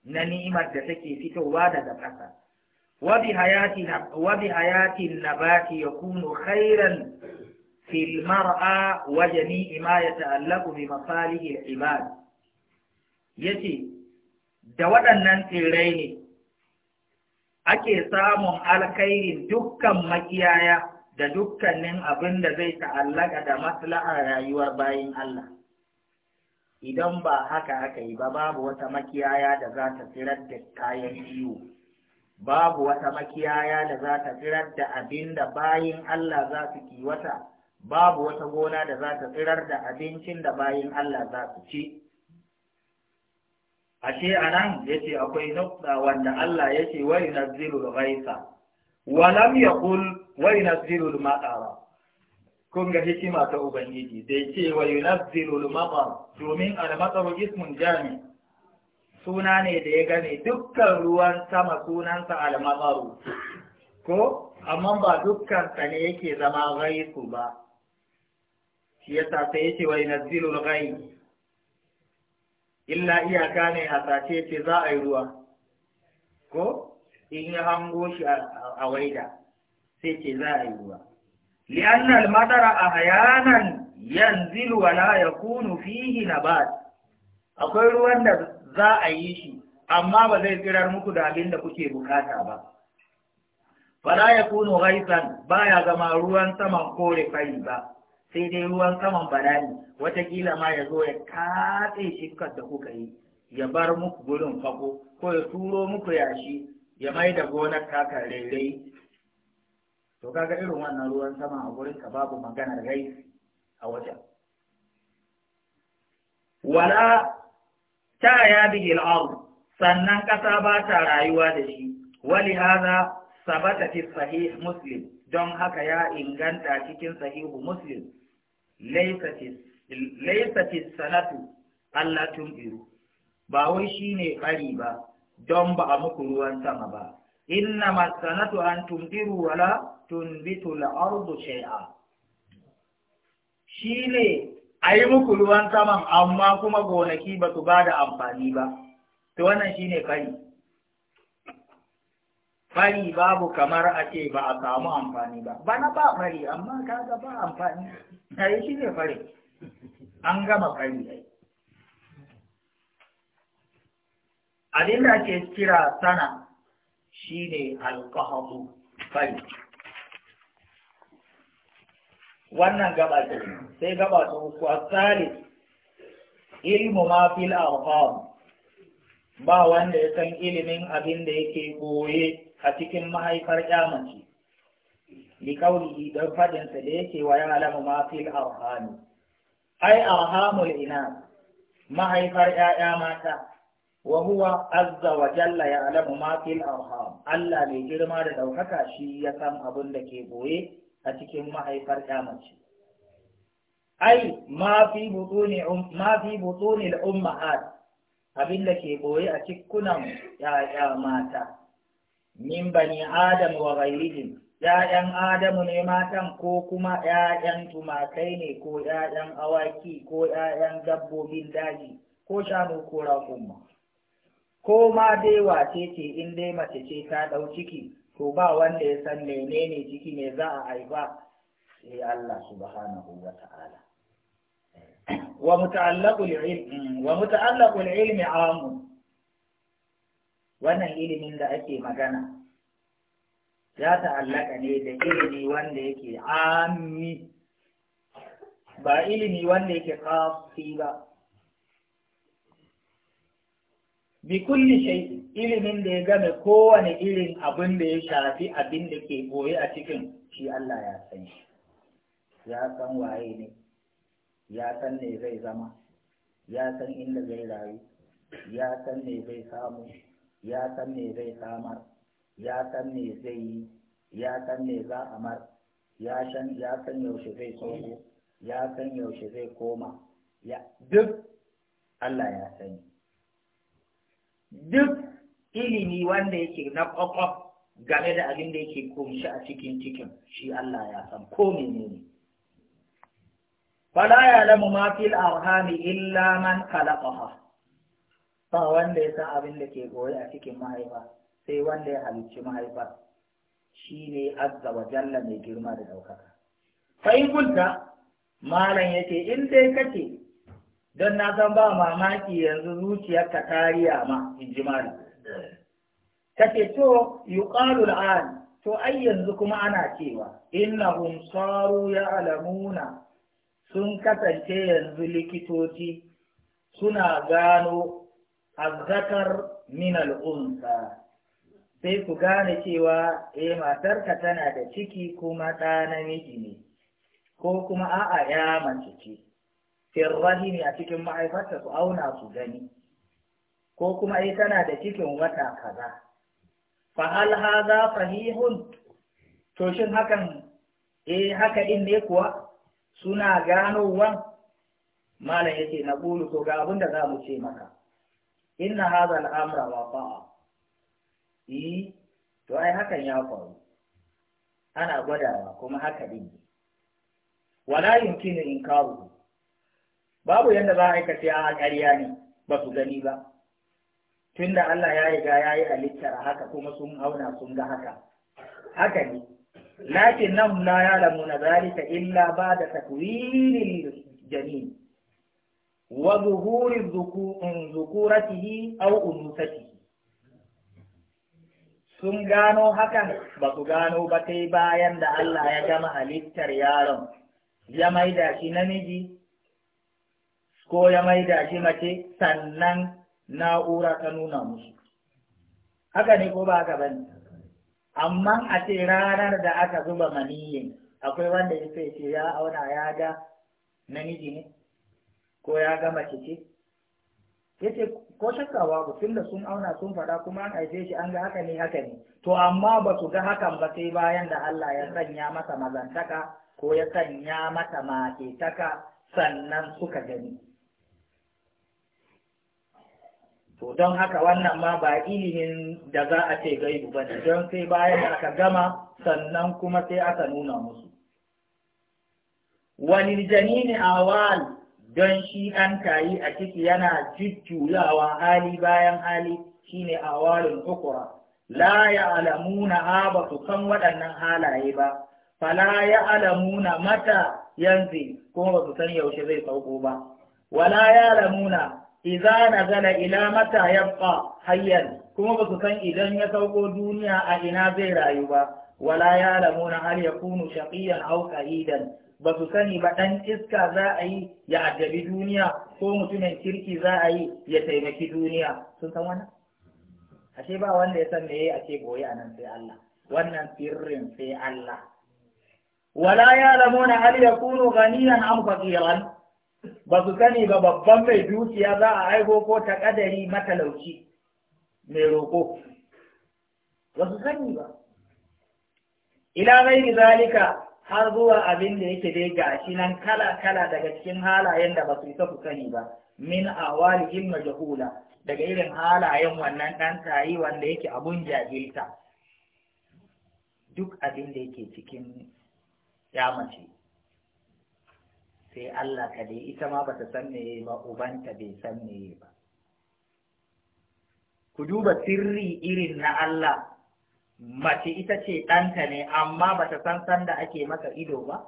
na ni'imar da take fitowa daga ƙasa. Wabi hayatin ki ya kuno khairan fil mar'a waje jami'i ya ta'allaku bi ibad. Yace da waɗannan tsirrai ne ake samun alkhairin dukkan makiyaya da dukkanin abin da zai ta'allaka da maslaha rayuwar bayin Allah. Idan ba haka aka yi ba babu wata makiyaya da za ta tsirar da kayan iyo, babu wata makiyaya da za ta tsirar da abin da bayin Allah za su kiwata, babu wata gona da za ta tsirar da abincin da bayin Allah za su ci. ashe anan yace akwai nukta wanda Allah yace wa yunazzilul ghaitha wa lam yaqul wa yunazzilul ma'a kun ga hikima ta Ubangiji da ya ce na yunazzilul matar domin al-matar ismun jami suna ne da ya gane dukkan ruwan sama sunansa al ko amma ba dukkan sa ne yake zama ghaisu ba shi yasa sai ya ce wa yunazzilul ghaib illa iyaka ne hasashe ce za a yi ruwa ko in ya hango shi a waida sai ce za a yi ruwa li'anna al-madara ahyanan yanzilu wa la yakunu fihi nabat akwai ruwan da za a yi shi amma ba zai tsirar muku da abin da kuke bukata ba fala yakunu ghaisan baya zama ruwan saman kore fari ba sai dai ruwan saman bala'i watakila ma ya zo ya katse kan da kuka yi ya bar muku gurin fako ko ya turo muku yashi ya mai da gonar taka rairai to kaga irin wannan ruwan sama a gurin ka babu maganar rai a wajen wala ta ya bihi sannan ƙasa ba ta rayuwa da shi wali hada sabata fi sahih muslim don haka ya inganta cikin sahihu muslim laifati sanatu Allah iru ba wai shi ne ƙari ba don ba a muku ruwan sama ba inna masanatu an tumbiru wala tunbitu la'ardu shai'a shi ne a yi muku ruwan saman amma kuma gonaki ba su ba da amfani ba to wannan shi ne ƙari Bari babu kamar a ce ba a samu amfani ba bana ba bari amma kaga ba amfani yi shi ne fari an gama fari dai abin da ake kira sana shine alkahabu fari wannan gaba ce sai gaba ta uku tsari ilmu ma fil ba wanda ya san ilimin abin da yake goye a cikin mahaifar mace, li qawlihi don fadinsa da yake wa ya'lamu ma fil ai arhamul ina mahaifar ƴaƴa mata wa huwa azza wa jalla ya'lamu ma fil arham Allah mai girma da daukaka shi ya san abin da ke boye a cikin mahaifar ƴamace ai ma fi butuni um, ma fi butuni al ummahat abin da ke boye a cikunan ƴaƴa mata min bani adam wa ghairihim ‘ya'yan Adamu ne matan ko kuma ‘ya'yan tumakai ne ko ‘ya'yan awaki ko ‘ya'yan dabbobin daji ko shanu ko raƙumma. Ko ma dai wace ce in dai mace ce ta dau ciki, to ba wanda ya san menene ciki ne za a haifa sai Allah subhanahu wa ta'ala. Wa muta'allaqul ilmi amun wannan ilimin da ake magana ya ta'allaka ne da ilimi wanda yake ammi ba ilimi wanda yake kafi ba bi kulli shay ilimin da ya game kowane irin abin da ya shafi abin da ke boye a cikin shi Allah ya san shi ya san waye ne ya san ne zai zama ya san inda zai rayu ya san ne zai samu ya san me zai samar ya san me zai yi ya san me za a mar ya san ya san yaushe zai sauko ya san yaushe zai koma ya duk Allah ya sani duk ilimi wanda yake na kwakwaf game da abin da yake kunshi a cikin cikin shi Allah ya san ko menene fala ya lamu ma fil arhami illa man khalaqaha ba wanda ya san abin da ke goye a cikin mahaifa sai wanda ya halicci mahaifa shi ne azza wa jalla mai girma da ɗaukaka fa'in kulta malam yake in dai kake don na san ba mamaki yanzu zuciyarka kariya ma in ji malam kace to yuqalu to ai yanzu kuma ana cewa innahum saru ya'lamuna sun kasance yanzu likitoci suna gano Azakar min al'unsa sai ku gane cewa eh matarka tana da ciki kuma ɗa namiji ne ko kuma a'a ya mace ce firrahimi a cikin ma'aifarta su auna su gani ko kuma e tana da cikin wata kaza fa hal hadha fahihun to shin hakan e haka din ne kuwa suna ganowa malam yake na ƙulu to ga abin da za mu ce maka inna hadha al-amra waqa'a eh to ai hakan ya faru ana gwadawa kuma haka din wala yumkinu inkaru babu yanda za a kace a ƙarya ne ba su gani ba tunda Allah ya riga ya yi halittar haka kuma sun auna sun ga haka haka ne lakin nan la lamuna, zalika illa ba da takwilil jamin wa zuhuri eh, au sun gano haka ba su gano ba sai bayan da Allah ya gama halittar yaron ya maida shi namiji ko ya maida shi mace sannan na'ura ta nuna musu haka ne ko ba ka ba amma a ce ranar da aka zuba maniyin akwai wanda ya ce ya auna ya ga namiji ne ko ya gama ce ya ce ko shakka babu da sun auna sun faɗa kuma an haife shi an ga haka ne haka ne to amma ba su ga hakan ba sai bayan da Allah ya sanya masa mazantaka ko ya sanya masa maketaka sannan suka gani to don haka wannan ma ba ilimin da za a ce gaibu ba don sai bayan da aka gama sannan kuma sai aka nuna musu wani janini awal don shi an kayi a ciki yana jujjuyawa hali bayan hali shine walin ukura la ya ya'lamuna ba su kan waɗannan halaye ba fala ya ya'lamuna mata yanzu kuma ba su san yaushe zai sauko ba wala ya Iza na gana ila mata yabqa hayyan kuma ba su san idan ya sauko duniya a ina zai rayu ba wala ya har ya kunu shaqiyan hau sa'idan ba su sani ba ɗan iska za a yi ya addabi duniya ko mutumin kirki za a yi ya taimaki duniya sun san wannan ashe ba wanda ya san me yayi ake boye a nan sai Allah wannan sirrin sai Allah wala ya lamuna hal yakunu ghaniyan am faqiran ba su sani ba babban mai dukiya za a aiko ko ta kadari matalauci mai roko ba su sani ba ila ghairi zalika har zuwa abin da yake dai gashi nan kala-kala daga cikin halayen da ba su isa ku sani ba min in majhula daga irin halayen wannan dan tayi wanda yake abun jahilta duk abin da yake cikin ya mace sai Allah ka dai ita ma ba ta san me ba ubanta bai san me ba ku duba sirri irin na Allah mace ita ce ɗanta ne amma ba ta san sanda ake maka ido ba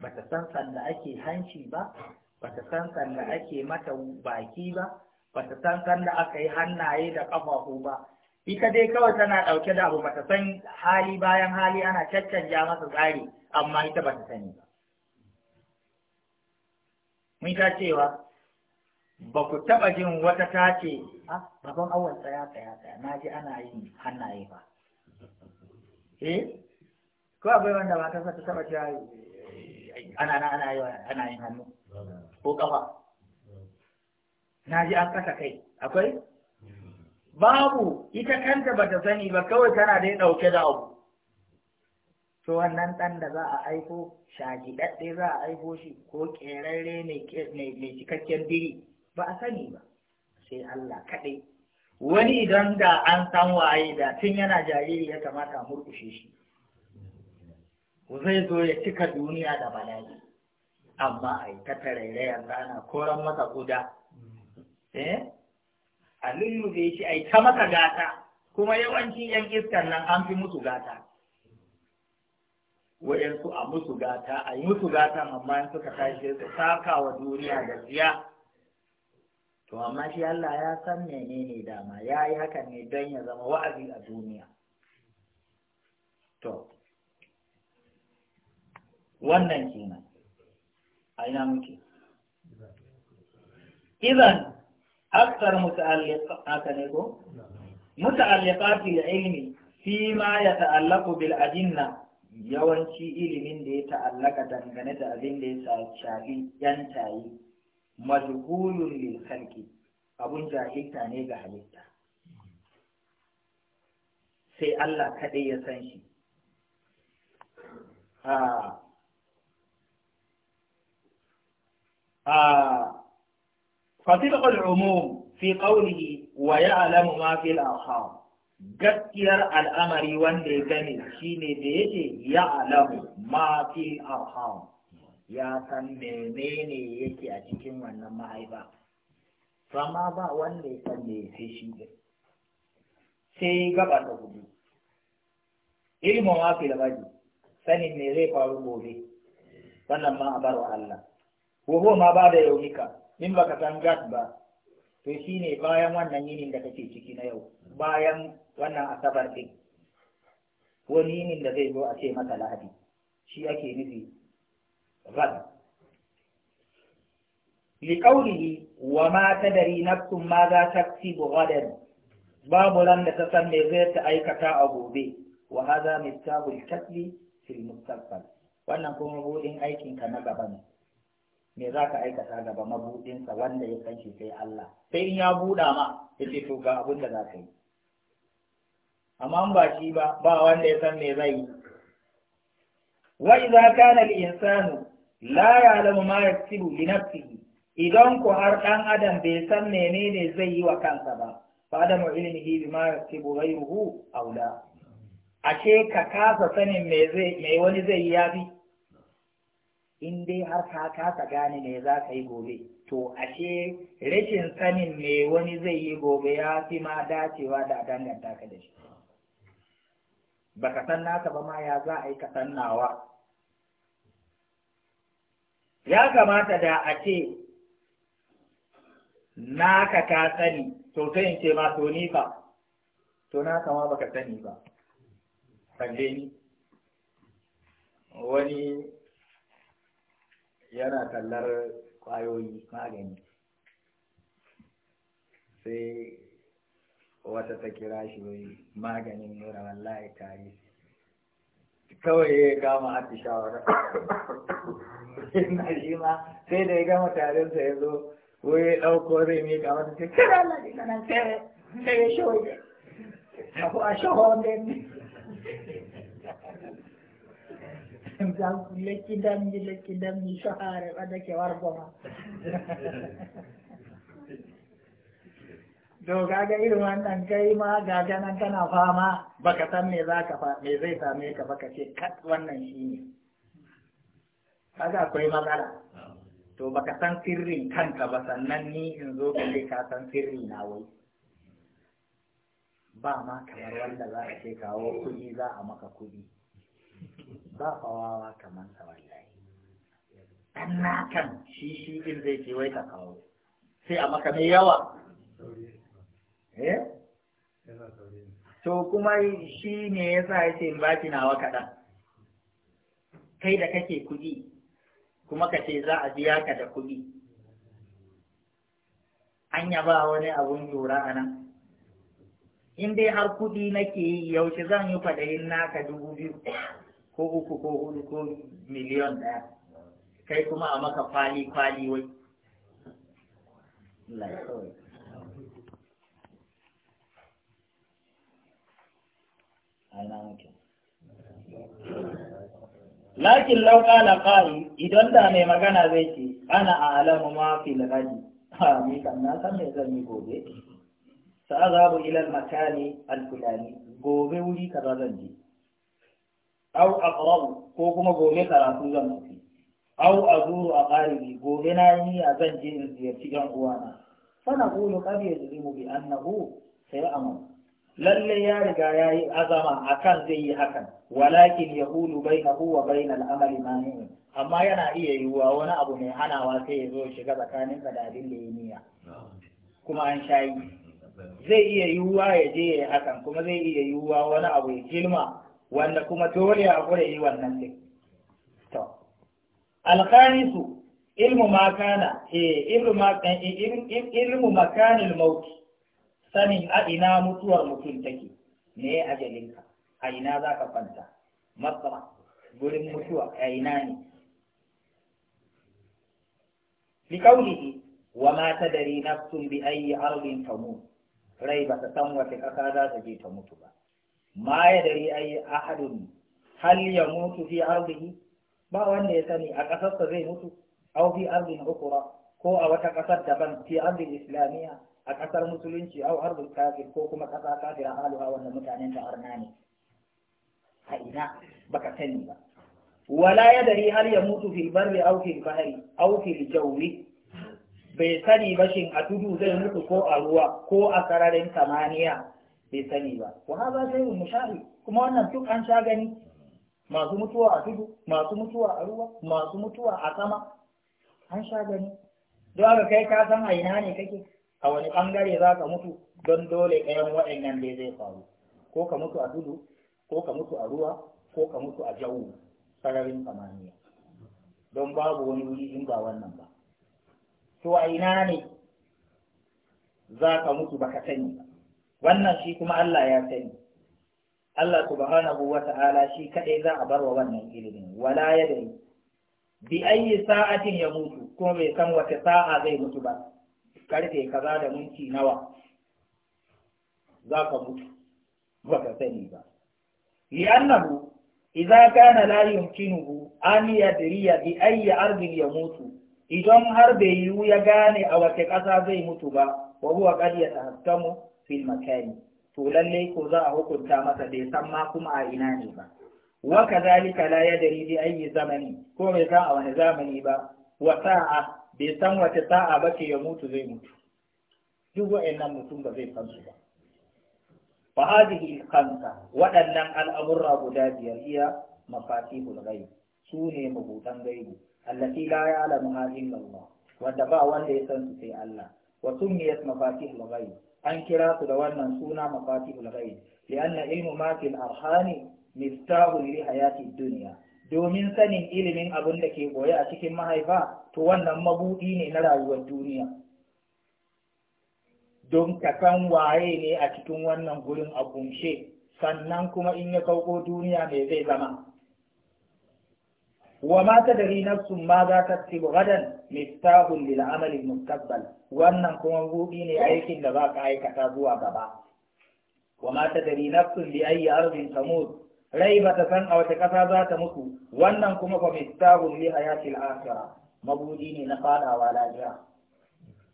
ba ta san sanda ake hanci ba ba ta san sanda ake mata baki ba ba ta san sanda aka yi hannaye da ƙafafu ba ita dai kawai tana ɗauke da abu ba ta san hali bayan hali ana caccanja masa tsari amma ita ba ta sani ba mun ta cewa ba ku taɓa jin wata ta ce ah baban awon tsaya tsaya tsaya na ji ana yin hannaye ba eh ko akwai wanda ba ta ta taba cewa ana na ana ana yin hannu ko kafa na ji an kasa kai akwai babu ita kanta bata sani ba kawai tana dai dauke da abu to wannan ɗan da za a aiko shagidaɗɗe za a aiko shi ko ƙerarre mai cikakken biri ba a sani ba sai Allah kaɗai wani idan da an san waye da tun yana jariri ya kamata a murkushe shi zai zo ya cika duniya da bala'i amma a yi ta tarairayar yanzu ana koran masa guda eh? alimu zai shi a yi ta masa gata kuma yawancin yan iskan nan an fi musu gata waɗansu a musu gata a yi musu gata amma suka tashi su saka duniya da ziya. to amma shi Allah ya san menene dama ya yi hakan ne don ya zama wa'azi a duniya to wannan kina a ina muke idan aksar muta'alliqa ne fi ma ya ta'allaqu bil ajinna yawanci ilimin da ya ta'allaka dangane da abin da ya shafi yan tayi majhulun lil khalqi abun jahilta ne ga halitta sai Allah kaɗai ya san shi ah. Ah. fi العموم wa قوله ويعلم ma في الأرحام gaskiyar al'amari wanda ya gane shine da yake ya'lamu ma fi arham ya san menene yake a cikin wannan mahaifa amma ba wanda ya san me sai shi ne sai gaba da hudu Ilimin wafi da baji sanin me zai faru gobe wannan ma a bar wa Allah ma ba da yaumika in baka san gad ba to ne bayan wannan yinin da kake ciki na yau bayan wannan asabar din wani yinin da zai zo a ce maka lahadi shi ake nufi rad liƙaunihi wa ma ta dari nafsun ma za ta fi babu ran da ta san mai zai ta aikata a gobe Wahaza, haza mai tabul tafi fil mustaqbal wannan kuma buɗin aikin ka na gaba ne me za ka aikata gaba mabuɗinsa wanda ya san shi sai Allah sai in ya buɗa ma ya ga abin za ka yi ba shi ba ba wanda ya san me zai yi wa idza kana al-insanu la ya'lamu ma yaktubu li nafsihi idan ku har dan adam bai san menene zai yi wa kansa ba fa adamu ilmihi bima yaktubu ghayruhu aula ashe ka kasa sanin me zai me wani zai yi yafi in dai har ka kasa gane me za ka yi gobe to ashe rashin sanin me wani zai yi gobe ya fi ma dacewa da danganta ka da shi baka san naka ba ma ya za a yi ka sannawa ya kamata da a ce naka ka sani to sai in ce ma to ni fa to naka ma baka sani ba kalle ni wani yana tallar kwayoyi magani sai wata ta kira shi wai maganin mura wallahi tari kawai ya gama shawara ina shi ma sai da ya gama sa ya zo wai ya ɗauko zai ka mata ce kada Allah ne kana sai ya shawo ya abu a shawo ne ne lekki damji lekki damji shahara ɓada ke wargoma to ga irin wannan kai ma ga nan kana fama baka san me za ka me zai same ka baka ce kat wannan shi ne? kaga akwai matsala to baka san sirrin kanka ba sannan ni in zo ka kalle ka san sirri na wai ba ma kamar wanda za a ce kawo kuɗi za a maka kuɗi ba fawawa kamar sa wallahi ɗan nakan shi shi din zai ce wai ka kawo sai a maka mai yawa Eh? to kuma shi ne ya sa ya ce in baki nawa kaɗan kai da kake kuɗi kuma ka ce za a biya ka da kuɗi an ba wani abun lura a nan in dai har kuɗi nake yi yaushe zan yi kwaɗayin naka dubu biyu ko uku ko hudu ko miliyon ɗaya kai kuma a maka kwali kwali wai lakin lauka na ƙari idan da mai magana zai ce ana a alamu ma fil A ha kanna kan na san me zan yi gobe Sa'a za mu ilar makani al gobe wuri ka zan je au aqrabu ko kuma gobe karatu zan mafi. au a aqaribi gobe na yi a zan je in ziyarci yan uwana kulu naqulu qad yajrimu bi annahu sayamam lalle ya riga ya yi azama a kan zai yi hakan walakin ya hulu bai na huwa bai na al'amari amma yana iya yiwuwa wani abu mai hanawa sai ya zo shiga tsakanin da abin da ya niya kuma an shayi zai iya yiwuwa ya je ya yi hakan kuma zai iya yiwuwa wani abu ya jilma wanda kuma dole a kure yi wannan ne to alkhanisu ilmu makana eh ilmu makanin eh, eh, ilmu sanin a ina mutuwar mutum take me ya ajalinka a ina za ka kwanta Matsa gurin mutuwa a ina ne bi kaulihi wa ma tadari nafsun bi ayi ardin mu. rai ba ta san wata ƙasa za ta je ta mutu ba ma ya dari ayi ahadun hal ya mutu fi ardihi ba wanda ya sani a ƙasarsa zai mutu au fi ardin ukura ko a wata ƙasar daban fi ardin islamiyya a ƙasar musulunci au arzul kafir ko kuma ƙasa kafira haluha wanda mutanen ta arna ne a ina baka sani ba wala ya dari hal ya mutu fil barri au fil bahri au fil jawi bai sani ba shin a tudu zai mutu ko a ruwa ko a sararin samaniya bai sani ba wa haza sai mu mushari kuma wannan duk an sha gani masu mutuwa a tudu masu mutuwa a ruwa masu mutuwa a sama an sha gani don haka kai ka san a ina ne kake a wani bangare za ka mutu don dole ɗayan waɗannan dai zai faru ko ka mutu a tudu ko ka mutu a ruwa ko ka mutu a jawo sararin samaniya don babu wani wuri in ba wannan ba to a ina ne za ka mutu baka sani wannan shi kuma Allah ya sani Allah subhanahu wa ta'ala shi kaɗai za a bar wa wannan ilimin wala ya dai bi ayi sa'atin ya mutu kuma bai san wace sa'a zai mutu ba karfe kaza da minti nawa za ka mutu ba ka sani ba li'annahu idza kana la yumkinuhu an yadriya bi ayyi ardin yamutu idan har bai yiwu ya gane a wace kasa zai mutu ba wa huwa qad yatahakkamu fil makan to lalle ko za a hukunta masa bai san ma kuma a ina ne ba wa kadhalika la yadri bi ayyi zamani ko bai san a wani zamani ba wa sa'a bai san wace sa'a ba ke ya mutu zai mutu duk wa'annan mutum ba zai san su ba fa hadhihi khamsa waɗannan al'amurra guda biyar iya mafatihul ghaib su ne mabutan gaibi allati la ya'lamuha illa Allah wanda ba wanda ya san su sai Allah wa sumiyat mafatihul ghaib an kira su da wannan suna mafatihul ghaib li'anna ilmu ma fil arhani miftahul li hayati dunya domin sanin ilimin abin da ke boye a cikin mahaifa to wannan mabuɗi ne na rayuwar duniya don ka san waye ne a cikin wannan gurin a kunshe sannan kuma in ya kauko duniya me zai zama wa ma tadri nafsun ma za ta tsibu gadan miftahun lil amali mustaqbal wannan kuma buɗi ne aikin da za ka aikata zuwa gaba wa ma tadri nafsun bi ayi ardin tamut rai ba ta san a wata ƙasa za ta mutu wannan kuma fa miftahun li hayatil akhirah mabudi ne na fadawa lafiya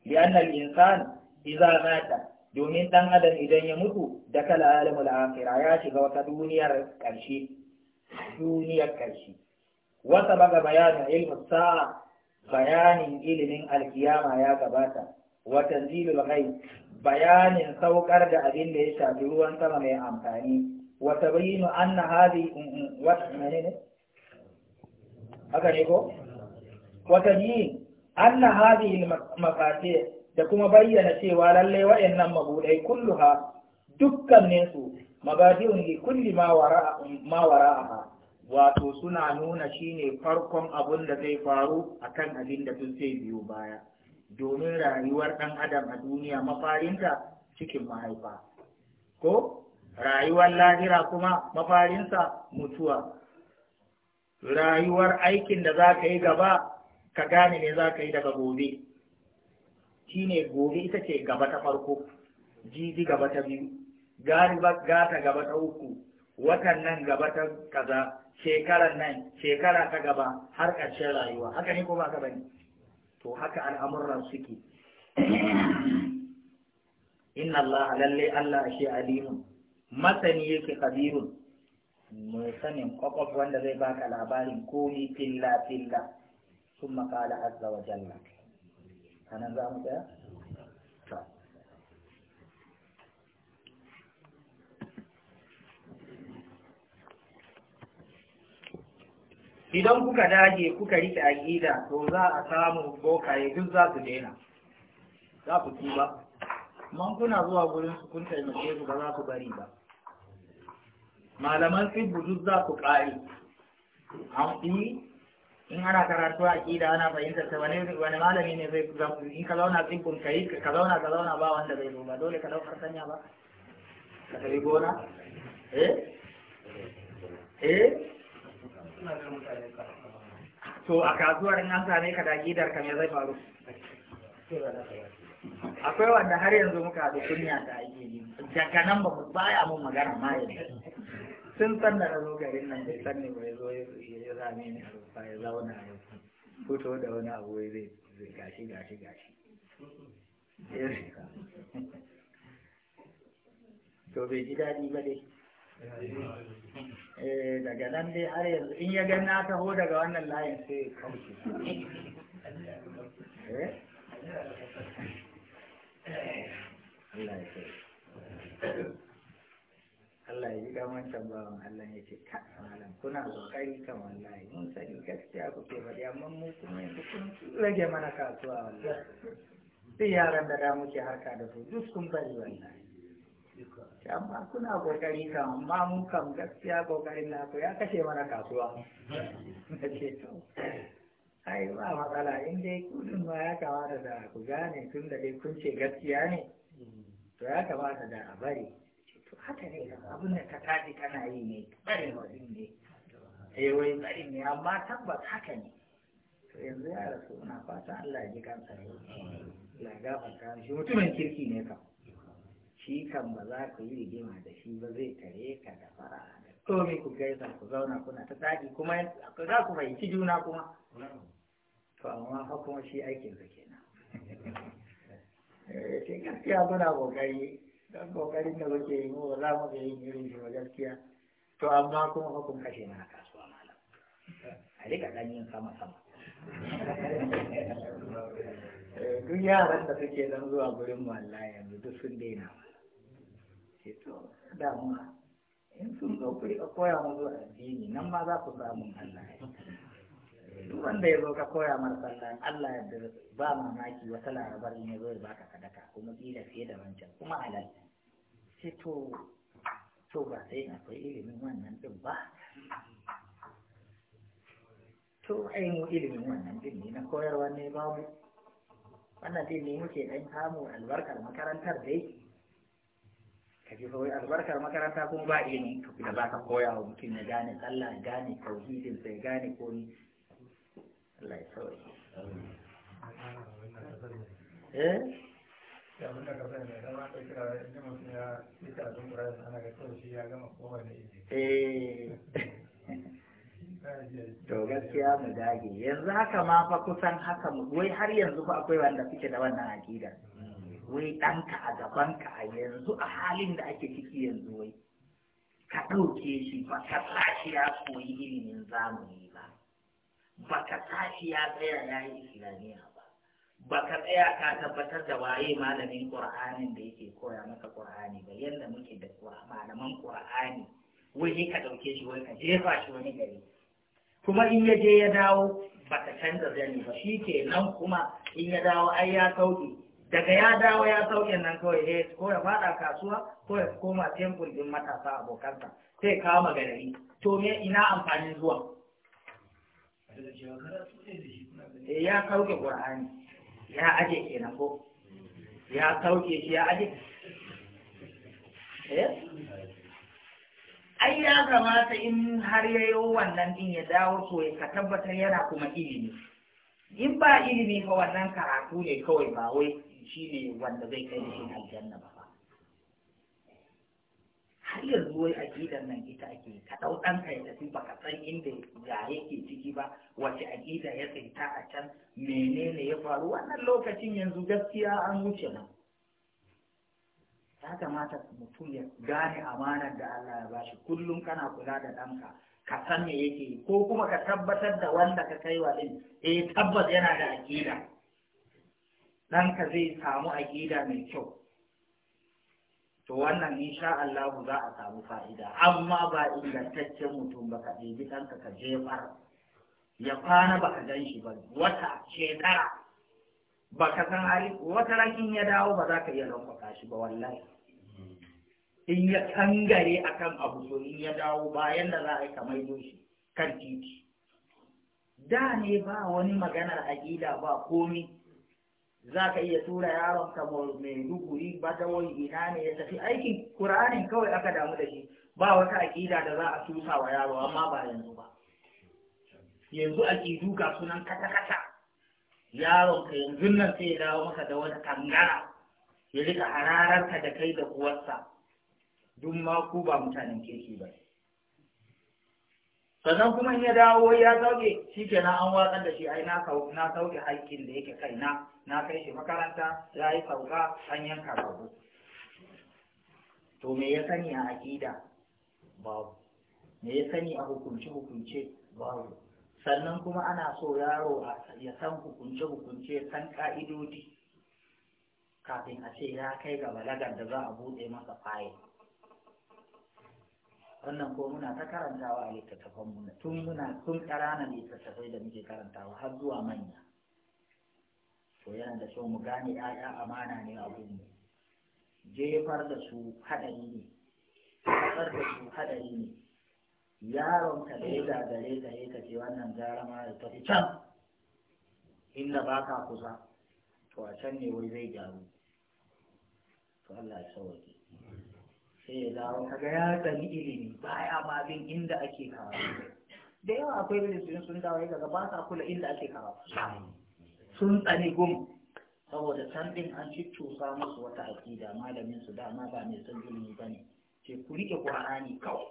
li'annal insan idza mata domin ɗan adam idan ya mutu da kala alamul akhirah ya shiga wata duniyar karshe duniyar karshe wata baga bayanin ilmin sa'a bayanin ilimin alkiyama ya gabata wa tanzilul ghaib bayanin saukar da abin da ya shafi ruwan sama mai amfani wa tabayyinu anna hadhihi wa haka ne ko وتبيين أن هذه المفاتيح تكون بيّن شيوا للي وإن مبودي كلها dukkan nesu, مبادئ لكل ما وراء ما وراءها wato suna nuna shine farkon abin da zai faru a kan abin da sun sai biyu baya domin rayuwar ɗan adam a duniya mafarinta cikin mahaifa ko rayuwar lahira kuma mafarinsa mutuwa rayuwar aikin da za ka yi gaba ka gane me za ka yi daga gobe shi ne gobe ita ce gaba ta farko jibi gaba ta biyu gata gaba ta uku watan nan gaba ta kaza shekarar nan shekara ta gaba har ƙarshen rayuwa haka ne ko ba ka bane to haka al'amuran suke inna Allah lalle Allah shi alimun masani yake kabirun mai sanin kwakwaf wanda zai baka labarin komi filla filla ثم قال عز وجل أنا زعمت Idan kuka dage kuka rike aƙida to za a samu bokaye duk za su daina, za ku ba, man kuna zuwa gurin su kun taimake su ba za ku bari ba. Malaman tsibbu duk za ku ƙari, an in ana karatu a ƙida ana fahimtar ta wani wani malami ne zai in ka zauna tsibbin ka yi ka zauna ka zauna ba wanda zai zo ba dole ka ɗaukar sanya ba ka tafi gona eh eh to a kasuwar in an same ka da ƙidar ka me zai faru akwai wanda har yanzu muka haɗu kunya ta yi. daga nan ba mu baya mun magana ma yanzu sun san da na zo garin nan bai san ne bai zo ya zame ni a rufa ya zauna ya fito da wani abu zai gashi gashi gashi to bai ji daɗi ba dai eh daga nan dai har yanzu in ya gan na taho daga wannan layin sai ya kauce eh? Allah ya kai Allah ya ji gaman can bawan Allah ya ce malam kuna kokari kan wallahi mun sani gaskiya kuke bari amma mu kuma yanzu kun rage mana kasuwa wallahi sai yaran da da muke harka da su duk sun bari wallahi amma kuna kokari kan amma mun kan gaskiya kokarin na ya kashe mana kasuwa ai ba matsala in dai kudin ma ya kamata da ku gane tun da dai kun ce gaskiya ne to ya kamata da a bari to haka ne abin da ka tafi kana yi ne barin wajen ne yi eh, wai tsarin ne amma tabbas haka ne to yanzu ya rasu na fata Allah ya ji kansa ya gafarta shi mutumin kirki ne ka. shi kan ba za ku yi rigima da shi ba zai tare ka da fara da komai ku gaisa ku zauna kuna ta tsaki kuma za ku fahimci juna kuma to amma fa kuma shi aikin sa kenan eh gaskiya muna kokari don kokarin da kuke yi mu za mu ga yin irin shi gaskiya to amma kuma hukun kashe mana kasuwa malam a rika ganin sama sama eh, duk yaran da suke dan zuwa gurin malla yanzu duk sun daina ce eh, to dama in sun ɗauki a koya musu addini nan ma za ku samun Allah duk wanda ya zo ka koya mar sallah Allah ya da ba mamaki wata larabar ne zo ya baka sadaka kuma kila fiye da wancan kuma halal sai to to ba sai na koyi ilimin wannan din ba to ainihin ilimin wannan din ne na koyarwa ne babu wannan din ne muke dan samu albarkar makarantar dai ka ji kawai albarkar makaranta kuma ba ilimi da za ka koya wa mutum ya gane sallah gane tauhidin sai gane komi Allah ya sauri ana ya gama to gaskiya mu dage yanzu haka ma fa kusan haka wai har yanzu fa akwai wanda suke da wannan akida wai ɗanka a gabanka a yanzu a halin da ake ciki yanzu wai ka ɗauke shi ba ka ya koyi ilimin zamani ba baka tashi ya tsaya ya yi islamiyya ba baka tsaya ka tabbatar da waye malamin qur'anin da yake koya maka qur'ani ba yanda muke da malaman qur'ani wai ka dauke shi wai ka jefa shi wani gari kuma in ya je ya dawo baka canza zani ba shi ke nan kuma in ya dawo ai ya sauke daga ya dawo ya sauke nan kawai ne ko ya fada kasuwa ko ya koma temple din matasa abokansa sai kama gari to me ina amfanin zuwa Eh, ya sauke ƙur'ani ya aje kenan ko ya sauke shi ya aje eh? ai ya kamata in har ya yi wannan din ya dawo to ya tabbatar yana kuma ilimi in ba ilimi ka wannan karatu ne kawai ba wai shi ne wanda zai kai da shi aljanna ba har yanzu wai aƙidar nan ita ake ka dan ɗanka ya tafi baka san inda ya yake ciki ba wace aƙida ya tsinta a can menene ya faru wannan lokacin yanzu gaskiya an wuce nan ya kamata mutum ya gane amanar da Allah ya bashi kullum kana kula da ɗanka ka san me yake ko kuma ka tabbatar da wanda ka kai wa ɗin eh tabbas yana da aƙida ɗanka zai samu aƙida mai kyau to wannan insha Allah za a samu fa'ida amma ba ingantaccen mutum ba ka ɗebi ɗanka ka jefar ya kwana ba ka gan shi ba wata shekara ba ka san hali wata rakin ya dawo ba za ka iya lankwaka shi ba wallahi in ya kangare akan abu so in ya dawo bayan da za a yi ka maido shi kan titi da ne ba wani maganar aƙida ba komi za ka iya tura yaron ka mai duguri ba ta wani ina ne ya tafi aikin ƙura'ani kawai aka damu da shi ba wata aƙida da za a tusa wa yaro amma ba yanzu ba yanzu aƙidu ga sunan kata-kata yaron ka yanzu nan sai ya dawo maka da wata kangara ya rika ka da kai da kuwarsa duk ma ku ba mutanen kirki ba ne sannan kuma in ya dawo ya sauke shi ke na an watsar da shi ai na na sauke haƙƙin da yake kai na na kai shi makaranta ya yi sauka an yanka babu to me ya sani a aƙida babu me ya sani a hukunce hukunce babu sannan kuma ana so yaro ya san hukunce hukunce san ka'idodi kafin a ce ya kai ga balagar da za a buɗe masa fayil wannan ko muna ta karantawa a littattafan mu tun muna tun ƙananan littattafai da muke karantawa har zuwa manya to yana da so mu gane 'ya'ya amana ne a mu jefar da su haɗari ne jefar da su haɗari ne yaron ka da ya gagare ka ya kace wannan jarama da ta fi can inda ba ka kusa to a can ne wai zai gyaru to Allah ya sauke sai ya dawo kaga ya sami ilimi baya ma bin inda ake karatu da yawa akwai ministrin sun dawo ya ga ba sa kula inda ake karatu sun tsani gum saboda can din an cuccusa musu wata aƙida malamin su dama ba mai son ilimi ba ne ce ku riƙe ƙur'ani kawai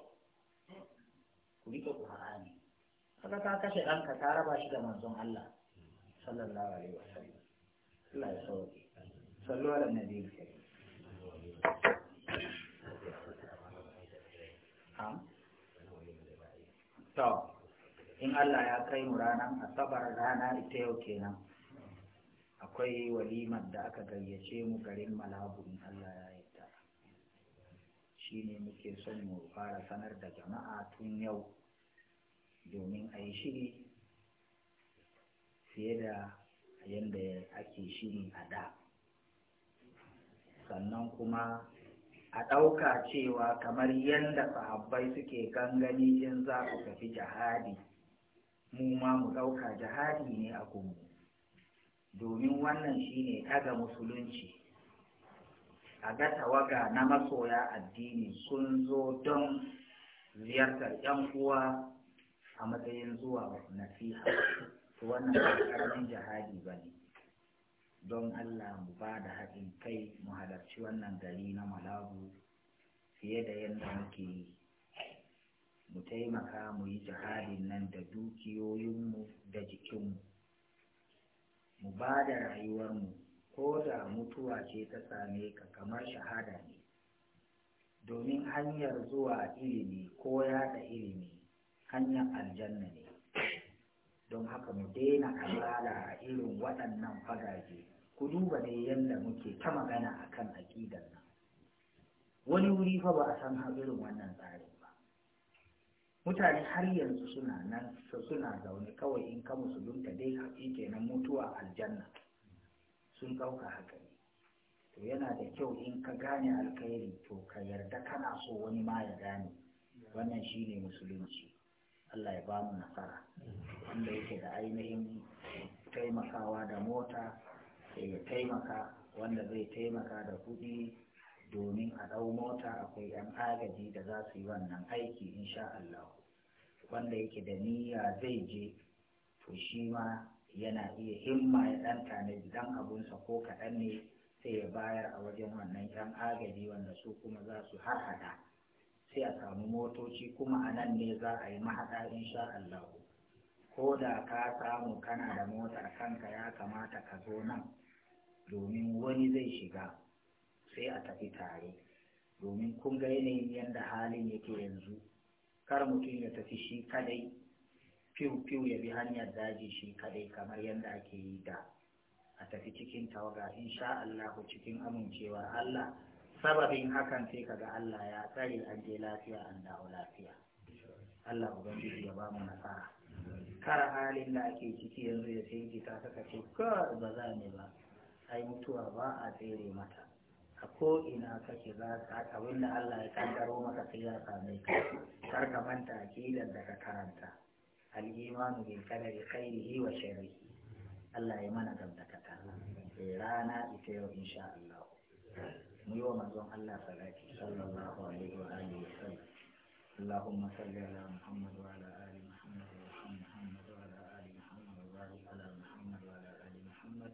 ku riƙe ƙur'ani kaga ka kashe ɗanka ka raba shi da manzon Allah sallallahu alaihi wasallam Allah ya sauke sallu ala nabiyyi to in Allah ya kai mu ranar asabar rana ita yau kenan akwai walimar da aka gayyace mu garin malabu in Allah ya ta. shi ne muke son mu fara sanar da jama'a tun yau domin a yi shiri fiye da yadda ake shiri a da sannan kuma a ɗauka cewa kamar yadda sahabbai suke gangani in za ku tafi jihadi mu ma mu ɗauka jihadi ne a kunmu domin wannan shi ne ɗaga musulunci a ga tawaga na masoya addini sun zo don ziyartar 'yan uwa a matsayin zuwa nasiha wannan ba ƙaramin jihadi ba ne don Allah mu ba da haɗin kai mu halarci wannan gari na Malabu fiye da yadda muke yi. Mu taimaka mu yi jihadin nan da dukiyoyinmu da jikinmu. Mu ba da rayuwarmu ko da mutuwa ce ta same ka kamar shahada ne. Domin hanyar zuwa ilimi ko yaɗa ilimi hanyar aljanna ne. don haka mu daina kalla a irin waɗannan fagaje ku duba ne yadda muke ta magana a kan aƙidan nan wani wuri fa ba a san irin wannan tsarin ba mutane har yanzu suna nan suna zaune kawai in ka musulunta dai haƙi kenan mutuwa aljanna sun ɗauka haka ne to yana da kyau in ka gane alkhairi to ka yarda kana so wani ma ya gane wannan shine musulunci Allah ya ba nasara wanda yake da ainihin taimakawa da mota eh, ya taimaka wanda zai taimaka da kuɗi domin a ɗau mota akwai 'yan agaji da za su yi wannan aiki insha Allah wanda yake da niyya zai je to shi ma yana iya himma ya ɗan tane dan abunsa ko kaɗan ne sai ya bayar a wajen wannan 'yan agaji wanda su kuma za su harhaɗa sai a samu motoci kuma a nan ne za a yi mahaɗa insha Allah ko da ka samu kana da motar kanka ya kamata ka zo nan domin wani zai shiga sai a tafi tare domin kun ga yanayin yadda halin yake yanzu kar mutum ya tafi shi kadai fiw-fiw ya bi hanyar daji shi kadai kamar yadda ake yi da a tafi cikin tawaga in sha Allah cikin amincewar Allah sababin hakan sai kaga Allah ya tsare an je lafiya an dawo lafiya Allah ubangiji ya ba mu nasara kar halin da ake ciki yanzu ya sai ki ta saka ce ka ba za ne ba ai mutuwa ba a tsere mata a ko ina kake za ka abin da Allah ya kaddaro maka sai ya same ka kar ka manta akidar da ka karanta al-imanu bil qadari khairihi wa sharrihi Allah ya mana gamdaka ta rana ita yau insha Allah من يوم الله صلاتي صلى الله عليه وآله وسلم اللهم صل على محمد وعلى آل محمد وارحم محمد وعلى آل محمد وبارك على محمد وعلى آل محمد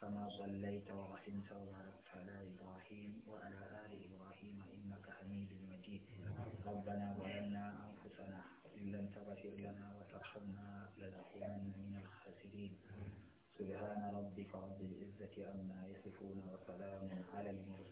كما صليت ورحمت وباركت على إبراهيم وعلى آل إبراهيم إنك حميد مجيد ربنا ظلمنا أنفسنا وإن لم تغفر لنا وترحمنا لنكونن من الخاسرين سبحان ربك رب العزة عما يصفون وسلام على المرسلين